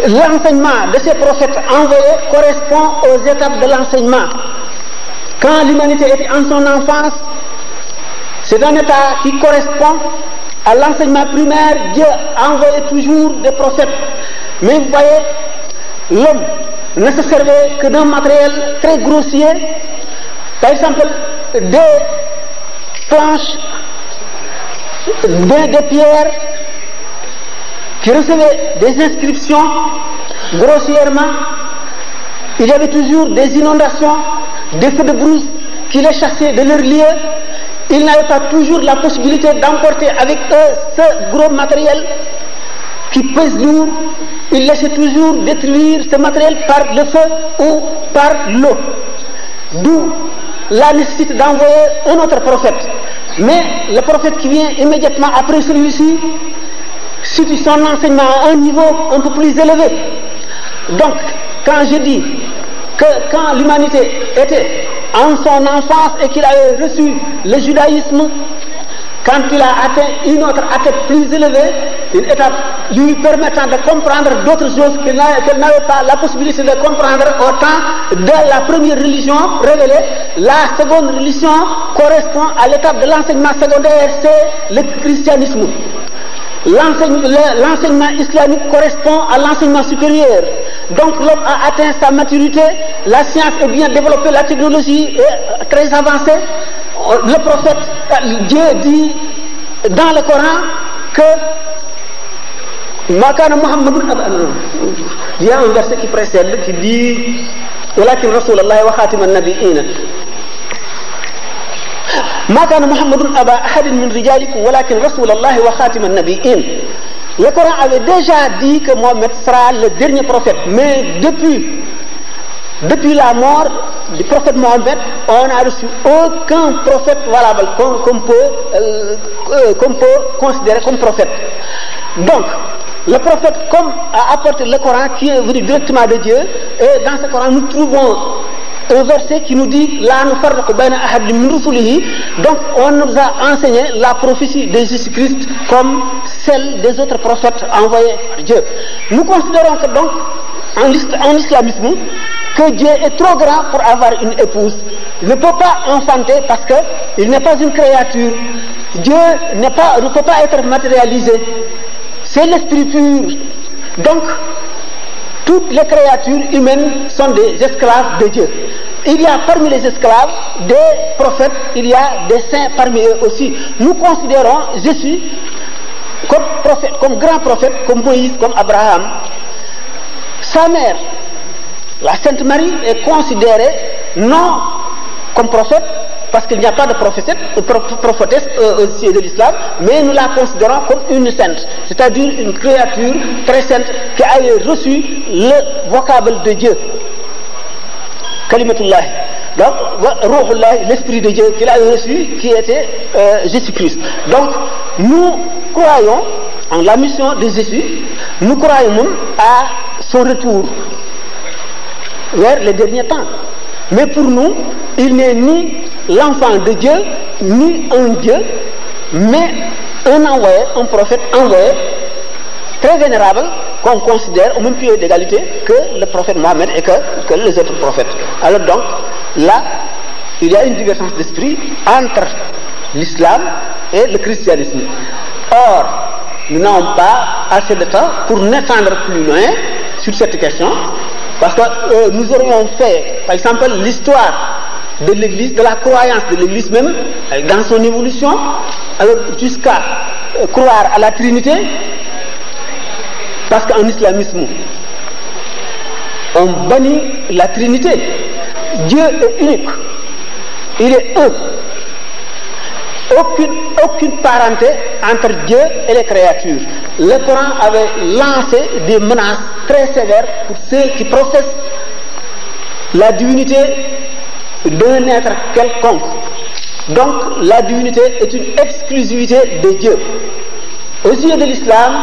l'enseignement de ces prophètes envoyés correspond aux étapes de l'enseignement. Quand l'humanité était en son enfance, C'est un État qui correspond à l'enseignement primaire. Dieu envoyait toujours des prophètes. Mais vous voyez, l'homme ne se servait que d'un matériel très grossier. Par exemple, des planches, des, des pierres qui recevaient des inscriptions grossièrement. Il y avait toujours des inondations, des feux de brousse qui les chassaient de leur lieu. ils n'avaient pas toujours la possibilité d'emporter avec eux ce gros matériel qui pèse lourd. Ils toujours détruire ce matériel par le feu ou par l'eau. D'où la nécessité d'envoyer un autre prophète. Mais le prophète qui vient immédiatement après celui-ci situe son enseignement à un niveau un peu plus élevé. Donc, quand je dis que quand l'humanité était en son enfance et qu'il avait reçu le judaïsme, quand il a atteint une autre étape plus élevée, une étape lui permettant de comprendre d'autres choses qu'elle n'avait pas la possibilité de comprendre au temps de la première religion révélée, la seconde religion correspond à l'étape de l'enseignement secondaire, c'est le christianisme. l'enseignement islamique correspond à l'enseignement supérieur. Donc l'homme a atteint sa maturité, la science est bien développée, la technologie est très avancée. Le prophète, Dieu dit dans le Coran que Makana Muhammadun euh, Il y a un verset qui précède qui dit Walakin Rasulallah wa Khatiman Nabi'ina. ma kaana muhammadun aba ahadin min rijalikum walakin rasulallahi wa xaatima nabiin le Coran avait déjà dit que Mohammed sera le dernier prophète mais depuis la mort du prophète Mohammed on n'a reçu aucun prophète valable qu'on peut euh, euh, comme prophète donc le prophète comme a apporté le Coran qui est venu de Dieu et dans ce Coran nous trouvons un verset qui nous dit la nufarriqu bayna ahadin min rusulihi donc on nous a enseigné la prophétie de Jésus-Christ comme celle des autres prophètes envoyés par Dieu nous considérons que donc en islamisme que Dieu est trop grand pour avoir une épouse ne peut pas enfanter parce que il n'est pas une créature Dieu n'est pas ne peut pas être matérialisé c'est l'esprit donc toutes les créatures humaines sont des esclaves de Dieu. Il y a parmi les esclaves des prophètes, il y a des saints parmi eux aussi. Nous considérons Jésus comme prophète, comme comme Moïse, comme Abraham. Sa mère, la Sainte Marie, est considérée non comme prophète, parce qu'il n'y a pas de prophétesse, euh, prophétesse euh, au euh, de l'islam, mais nous la considérons comme une sainte, c'est-à-dire une créature très sainte qui a reçu le vocable de Dieu, Kalimatullah. Donc, Ruhullah, l'Esprit de Dieu qui était euh, Jésus-Christ. Donc, nous croyons en la mission de Jésus, nous croyons à son retour vers les derniers temps. Mais pour nous, il n'est ni l'enfant de Dieu, ni un Dieu, mais un envoyé, un prophète envoyé, très vénérable, qu'on considère au même pied d'égalité que le prophète Mohammed et que, que les autres prophètes. Alors donc, là, il y a une divergence d'esprit entre l'islam et le christianisme. Or, nous n'avons pas assez de temps pour n'étendre plus loin sur cette question, Parce que euh, nous aurions fait, par exemple, l'histoire de l'Église, de la croyance de l'Église même, euh, dans son évolution, jusqu'à euh, croire à la Trinité, parce qu'en islamisme, on bannit la Trinité. Dieu est unique, il est un. aucune, aucune parenté entre Dieu et les créatures. Le Coran avait lancé des menaces très sévères pour ceux qui professent la divinité d'un être quelconque. Donc la divinité est une exclusivité de Dieu. Aux yeux de l'islam,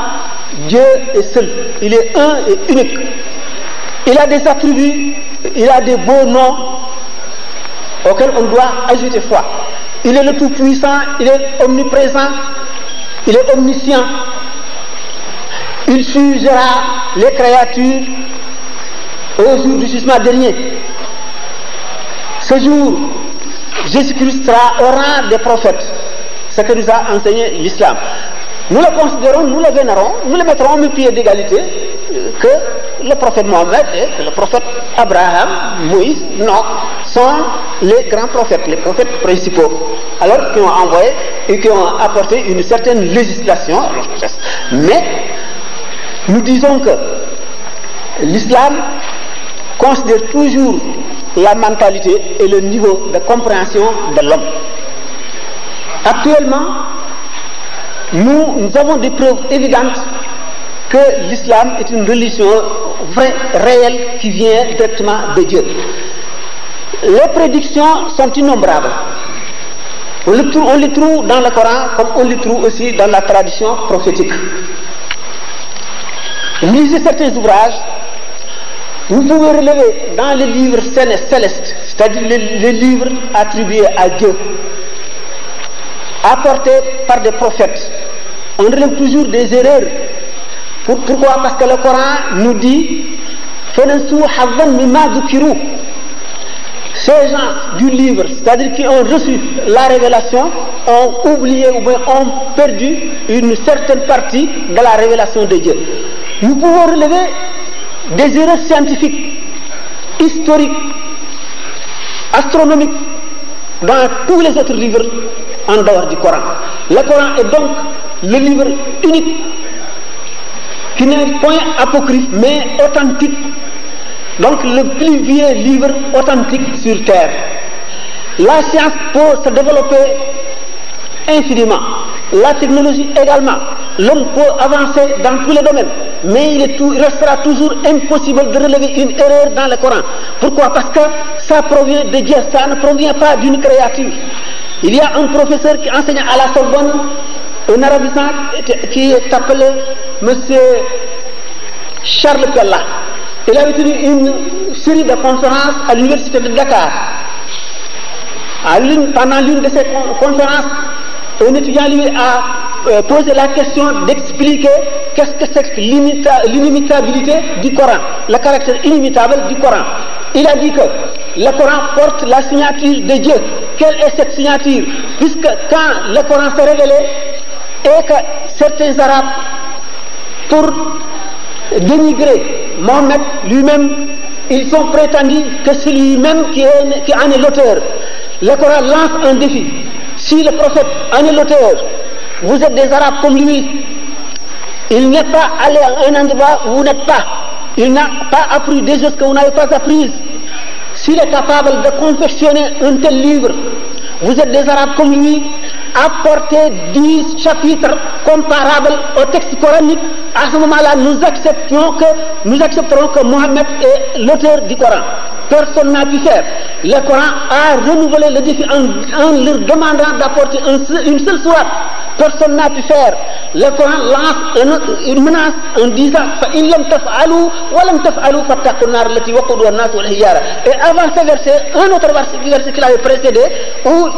Dieu est seul, il est un et unique. Il a des attributs, il a des beaux noms auxquels on doit ajouter foi. il est le tout-puissant, il est omniprésent, il est omniscient. Il jugera les créatures au jour du jugement dernier. Ce jour, Jésus-Christ sera au rang des prophètes, ce que nous a enseigné l'islam. nous le considérons, nous le vénérons, nous le mettrons au même pied d'égalité que le prophète Mohammed et que le prophète Abraham, Moïse, non, sont les grands prophètes, les prophètes principaux, alors qui ont envoyé et qui ont apporté une certaine législation. Mais nous disons que l'islam considère toujours la mentalité et le niveau de compréhension de l'homme. Actuellement, nous, nous avons des preuves évidentes que l'islam est une religion vraie, réelle, qui vient directement de Dieu. Les prédictions sont innombrables. On les, trouve, on les trouve dans le Coran comme on les trouve aussi dans la tradition prophétique. Lisez certains ouvrages, vous pouvez relever dans les livres célestes, c'est-à-dire les livres attribués à Dieu, apportées par des prophètes. On relève toujours des erreurs. Pour, pourquoi Parce que le quoran nous dit ces gens du livre, c'est-à-dire qui ont la révélation, ont oublié ou bien ont perdu une certaine partie de la révélation des Dieu. Nous pouvons relever des erreurs scientifiques, historiques, astronomiques dans tous les autres livres en dehors du Coran. Le Coran est donc le livre unique qui n'est point apocryphe mais authentique. Donc le plus vieux livre authentique sur Terre. La science peut se développer infiniment. La technologie également. L'homme peut avancer dans tous les domaines, mais il, tout, il restera toujours impossible de relever une erreur dans le Coran. Pourquoi? Parce que ça provient de Dieu, ça ne provient pas d'une créature. Il y a un professeur qui enseigne à la Sorbonne, un arabisant qui s'appelait Monsieur Charles Pella. Il avait tenu une série de conférences à l'université de Dakar. À l'une, pendant l'une de ces conférences, un étudiant lui a euh, posé la question d'expliquer qu'est-ce que c'est que du Coran, le caractère inimitable du Coran. Il a dit que le Coran porte la signature de Dieu quelle est cette signature Puisque quand le Coran s'est révélé et que certains Arabes, pour dénigrer Mohammed lui-même, ils ont prétendu que c'est lui-même qui, en est l'auteur. Le Coran lance un défi. Si le prophète en est l'auteur, vous êtes des Arabes comme lui, il n'est pas allé un endroit vous n'êtes pas. Il n'a pas appris des choses que vous n'avez pas apprises. s'il est capable de confectionner un tel livre, vous êtes des Arabes comme apporter dix chapitres comparables au texte coranique, à ce moment-là, nous acceptions que, nous accepterons que Mohammed est l'auteur du Coran. Personne n'a pu faire. Le Coran a renouvelé le défi en, en leur demandant d'apporter un, une seule sourate. Personne n'a pu faire. Le Coran lance une, une menace en disant il Et avant ce verset, un autre verset, verset qui l'avait précédé, où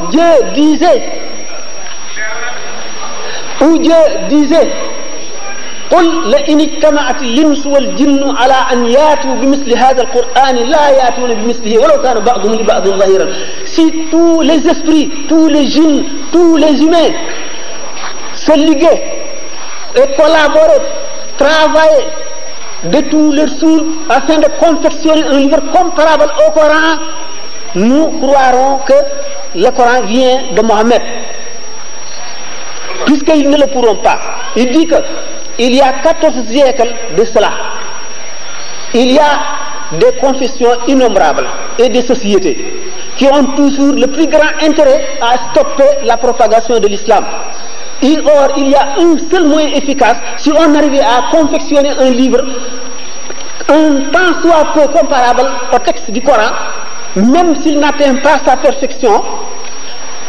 où Dieu qul la in ijtamaat wal jinnu ala an yaatu bi misli al qurani la yaatuuna bi mislihi walaw kaana baaduhum li baadin zahiran si tous les esprits tous les jinns tous les humains se et collaboraient travaillaient de tous leurs sources afin de confectionner un livre comparable au Coran nous croirons que le Coran vient de Mohammed puisqu'ils ne le pourront pas. Il dit que il y a 14 de cela. Il y a des confessions innombrables et des sociétés qui ont toujours le plus grand intérêt à stopper la propagation de l'islam. il y a un seul moyen efficace si on arrivait à confectionner un livre un tant soit peu comparable au texte du Coran, même s'il n'atteint pas sa perfection,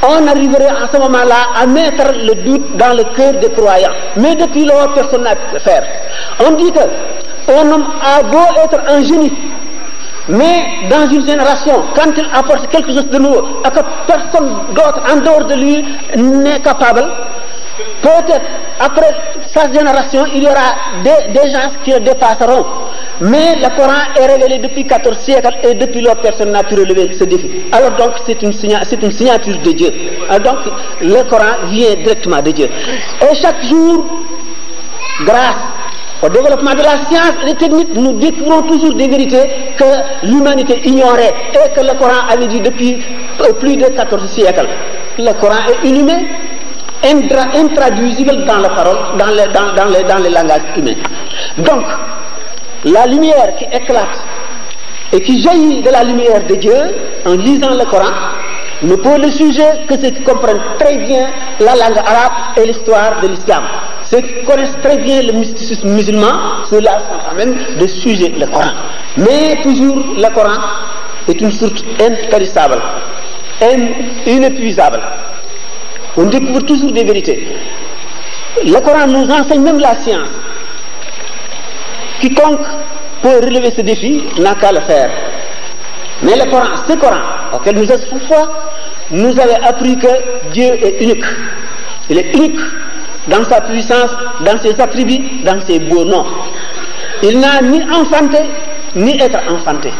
on arriverait en ce moment-là à mettre le doute dans le cœur des croyants. Mais depuis lors, personne n'a faire. On dit que un homme a beau être un génie, mais dans une génération, quand il apporte quelque chose de nouveau et que personne d'autre en dehors de lui n'est capable, peut-être après sa génération, il y aura des, des qui le dépasseront. Mais le Coran est révélé depuis 14 siècles et depuis lors, personne n'a pu relever ce défi. Alors donc, c'est une, signature de Dieu. Alors donc, le Coran vient directement de Dieu. Et chaque jour, grâce au développement de la science et des techniques, nous découvrons toujours des que l'humanité ignorait et que le Coran avait dit depuis euh, plus de 14 siècles. Le Coran est inhumain, intraduisible dans la parole, dans les, dans, dans les, dans les langages humains. la lumière qui éclate et qui jaillit de la lumière de Dieu en lisant le Coran ne peut le sujet que ceux qui comprennent très bien la langue arabe et l'histoire de l'islam. Ceux qui connaissent très bien le mysticisme musulman, ceux-là sont à même de sujet le Coran. Mais toujours le Coran est une source impérissable, inépuisable. On découvre toujours des vérités. Le Coran nous enseigne même la science. quiconque peut relever ce défi n'a qu'à le faire. Mais le Coran, ce Coran auquel nous avons foi, nous avait appris que Dieu est unique. Il est unique dans sa puissance, dans ses attributs, dans ses beaux noms. Il n'a ni enfanté, ni être enfanté.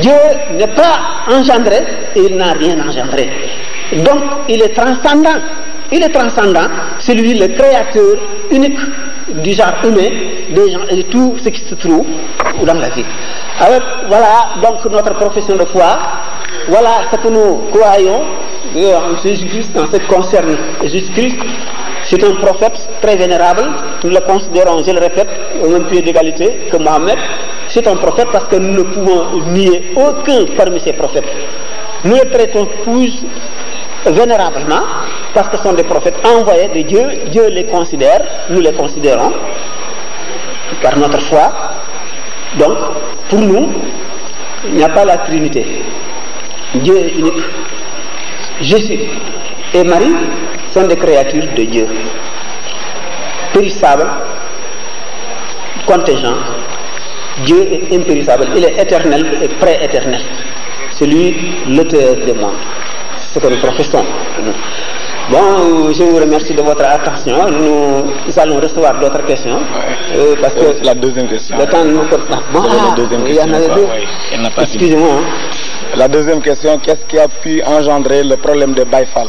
Dieu n'est pas engendré et il n'a rien engendré. Donc il est transcendant. Il est transcendant, c'est lui le créateur unique du genre humain des gens et tout ce qui se trouve dans la vie. Alors voilà donc notre profession de foi, voilà ce que nous croyons Jésus-Christ en ce qui concerne Jésus-Christ. C'est un prophète très vénérable, nous le considérons, je le répète, au même d'égalité que Mohammed. C'est un prophète parce que nous ne pouvons nier aucun parmi ces prophètes. Nous le traitons vénérablement parce que ce sont des prophètes envoyés de Dieu, Dieu les considère, nous les considérons. par notre foi donc pour nous il n'y a pas la trinité Dieu est unique Jésus et Marie sont des créatures de Dieu périssable contingent Dieu est impérissable il est éternel et pré-éternel c'est l'auteur des mondes ce que nous professons Bon, je vous remercie de votre attention. Nous allons recevoir d'autres questions. Ouais. Euh, parce que la deuxième question. Le temps nous porte. Ah, la deuxième question, en avait qu'est-ce qui a pu engendrer le problème de Baïfal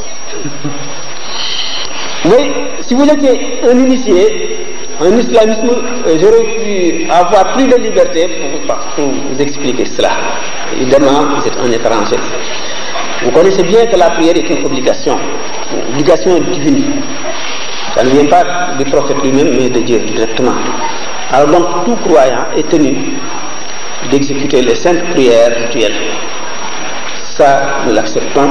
Oui, si vous étiez un initié, un islamisme, euh, j'aurais pu avoir plus de liberté pour, vous expliquer cela. Évidemment, vous êtes étranger. Vous connaissez bien que la prière est une obligation, une obligation divine. Ça ne vient pas du prophète lui-même, mais de Dieu directement. Alors donc tout croyant est tenu d'exécuter les saintes prières rituelles. Ça, nous l'acceptons,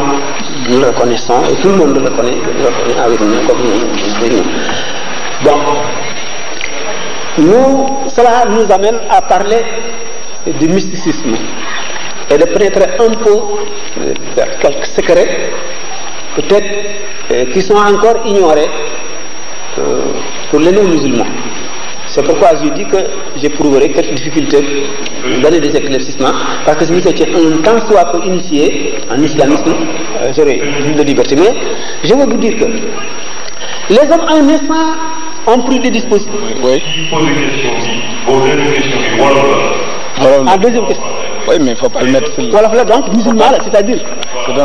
nous le reconnaissons, et tout le monde reconnaît, le reconnaît avec ah cela nous amène à parler du mysticisme. et de pénétrer un peu vers euh, quelques secrets peut-être euh, qui sont encore ignorés euh, pour les non-musulmans. C'est pourquoi je dis que j'éprouverai quelques difficultés donner des éclaircissements, parce que si c'était un temps soit pour initié en islamisme, je veux vous dire que les hommes en naissant ont pris des dispositions. En ah, deuxième question. Oui, mais il ne faut pas le donc musulman, c'est-à-dire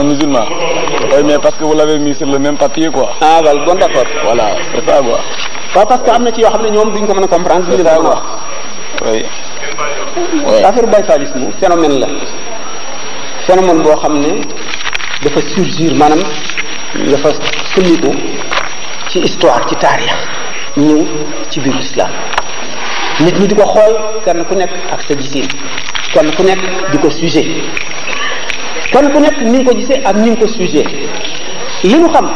musulman. Oui, mais parce que vous l'avez mis sur le même papier, quoi. Ah, voilà, bon, d'accord. Voilà, c'est ça, quoi. waaw parce que am na ci yoo xam ne ñoom duñ ko mën a comprendre duñ la wax. oui. oui affaire bay fadisme phénomène la phénomène boo xam ne dafa surgir maanaam dafa sëlliku ci histoire ci taarix ñëw ci biir islam nit ñi di ko xool kenn ku nekk ak sa gisin kenn ku nekk di ko sujet kenn ku nekk ni nga ko gisee ak ni nga ko sujet li nu xam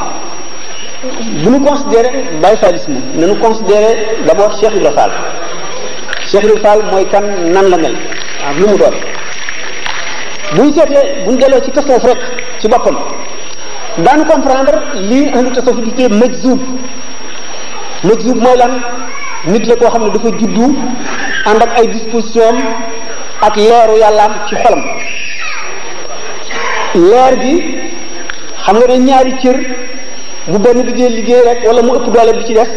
bu ñu considéré bàyyi falisme nañu considéré d'abord Cheikh Ibra Fall Cheikh Ibra Fall mooy kan nan la mel lu mu doon bu ñu seetee bu ñu delloo ci tasawuf rek ci boppam daanu comprendre lii ahlu tasawuf di tuddee majzub mooy lan nit la koo xam ne dafa juddu ànd ak ay disposition ak leeru yàllaam ci xolam leer bi xam nga ne ñaari cër bu benn bi dee liggéey rek wala mu ëpp doole bi ci des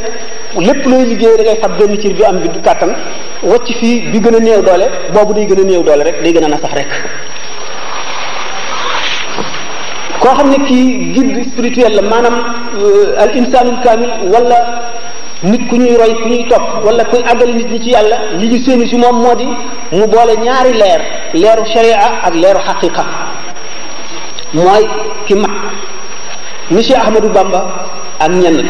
lépp looy liggéey da ngay fab benn cër bi am bi kàttan wacc fii bi gën a néew doole boobu day gën a néew doole rek day gën a nasax rek koo xam ne kii guide spirituel la maanaam euh, al insanul kamil wala nit ku ñuy roy ku ñuy topp wala kuy àggali nit ñi ci yàlla li ñu séenu si moom moo di mu boole ñaari leer leeru sharia ak leeru xaqiqa mooy ki mag ni Cheikh Ahmadou Bamba ak ñenn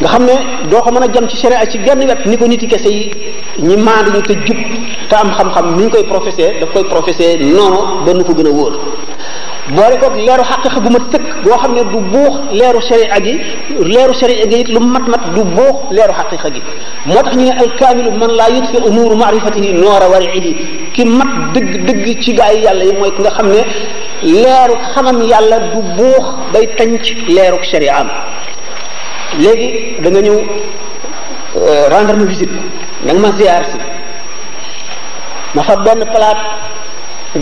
nga xam ne doo ko mën a jam ci sharia ci genn wet ni ko nit yi kese yi ñi maandu ñu te jub te am xam-xam ni ñu koy professé daf koy professé noonu ba nu ko gën a wóor boole koog leeru xaqiqa gu ma tëkk boo xam ne du buux leeru sharia gi leeru sharia gi it lu mat mat du buux leeru xaqiqa gi moo tax ñu ne alkaamilu man laa yutfi nuuru maarifatihi noora wariidi ki mat dëgg dëgg ci gaa yàlla yi mooy ki nga xam ne leeru xamam yàlla du buux bay tànc leeru sharia am léegi danga ñëw euh, rendre ma visite da nga ma ziar si ma fa benn palaat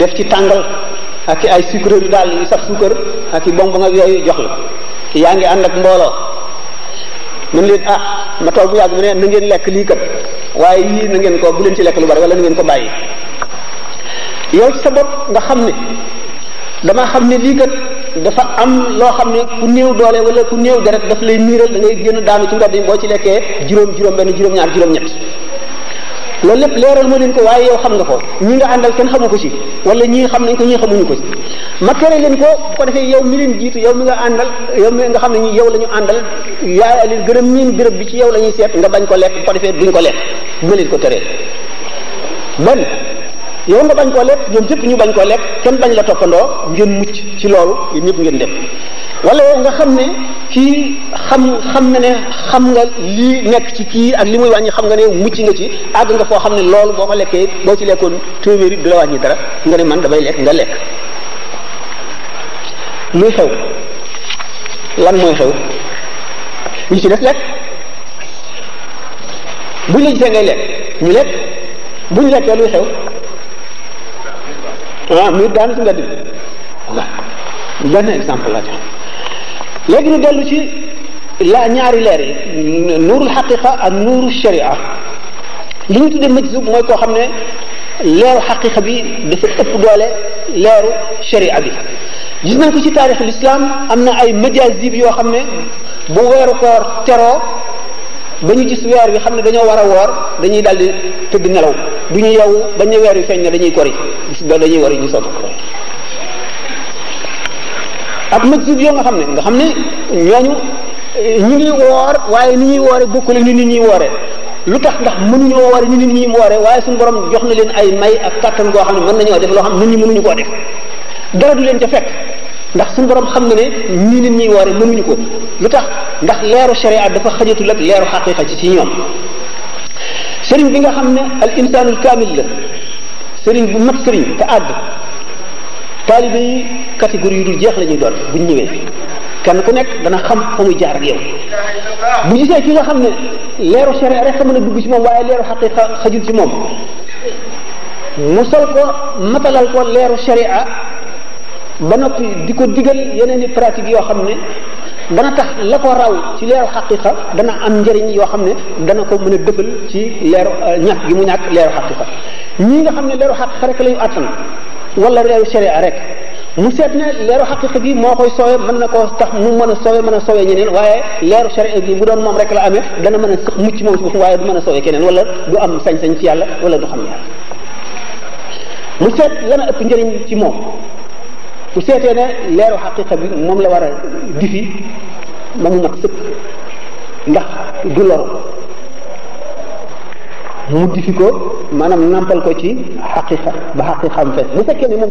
def ci tàngal ak i ay sucrerie daal yu saf suukar ak i bonbon ak yooyu jox la yaa ngi ànd ak mbooloo mën leen ah ma toog bu yàgg mu ne na ngeen lekk lii kat waaye yii na ngeen ko bu leen ci lekk lu bari wala na ngeen ko bàyyi yow ci sa bopp nga xam ne dama xam ne lii kat dafa am loo xam ne ku néew doole wala ku néew deret daf lay miiral da ngay génn daanu ci mbedd yi boo ci lekkee juróom juróom benn juróom-ñaar juróom-ñett loolu lépp leeral ma leen ko waaye yow xam nga ko ñi nga àndal kenn xamu ko ci wala ñii xam nañ ko ñii xamuñu ko ci ma kere leen ko bu ko defee yow mi leen jiitu yow mi xam ne ñi yow la ñu àndal yaa leen gën miin béréb bi ci yow la ñuy seet nga bañ ko lekk bu ko ko lekk bu leen ko tere benn yow nga bañ koo lekk ñoom ñëpp ñu bañ koo lekk kenn bañ la toppandoo ngeen mucc ci loolu yéen ñëpp ngeen dem wala yow nga xam ne kii xam xam na ne xam nga lii nekk ci kii ak li muy wàññi xam nga ne mucc nga ci àgg nga foo xam ne loolu boo ko lekkee boo ci lekkoon téeméeri du la wàññi dara nga ne man damay lekk nga lekk luy xew lan mooy xew ñi ci def lekk buñ lekk ñu lekk buñ lekkee luy xew ah muy daan ci nga dig waaw exemple laa jox léegi ñu dellu ci la ñaari leer yi nuurul xaqiqa ak nuuru sharia li ñu tuddee majzub mooy koo xam ne leeru xaqiqa bi dafa ëpp doole leeru sharia bi gis nañ ko ci taarix l'islam am na ay bi yoo xam ne bu weeru koor teroo ba ñu gis weer bi xam ne dañoo war a woor dañuy daldi tëdd nelaw du ñu yow bañ ne weer wi feeñ ne dañuy kori dañuy wari ñu soog ak masjid yoo nga xam ne nga xam ne ñooñu eh, ñu ngi woor waaye ni ñuy woore bokkul ni nit ñuy woore lu tax ndax mënuñoo woore ni nit ñi woore waaye suñu borom jox na leen ay may ak kàttan goo xam ne mën nañoo def loo xam ne nit ñi mënuñu koo def dara leen ca ndax suñu borom xam na ne ñii nit ñi woore mënuñu ko lu tax ndax leeru sharia dafa xajatul ak leeru xaqiqa ci ci ñoom sëriñ bi nga xam ne al insanul kaamil la sëriñ bu mat sëriñ te àgg taalibe yi catégorie yu dul jeex la ñuy doon bu ñu ñëwee kenn ku nekk dana xam fa muy jaar ak yow bu gisee ki nga xam ne leeru sharia rek a mën a dugg ci moom waaye leeru xaqiqa xajul ci moom mu sol leeru sharia ba noppi di ko digal yeneen i pratique yoo xam ne dana tax la ko raw ci leeru xaqiqa dana am njëriñ yoo xam ne dana ko mën a dëfal ci leeru ñàkk gi mu ñàkk leeru xaqiqa ñii nga xam ne leeru xaqiqa rek la àttan wala leeru sharia rek mu seet ne leeru xaqiqa bi moo koy soowee mën na koo tax mu mën a soowe mën a soowe ñeneen waaye leeru sharia bi bu doon moom rek la amee dana mën a sax mucc moom ci boppam du mën a soowe wala du am sañ-sañ ci yàlla wala du xam yàlla mu seet lana ci moom bu seetee ne leeru xaqiqa bi moom la war a difi ba mu mat sëkk ndax du loru modifié ko maanaam nampal ko ci xaqiqa ba xaqi xam fe bu fekkee ne moom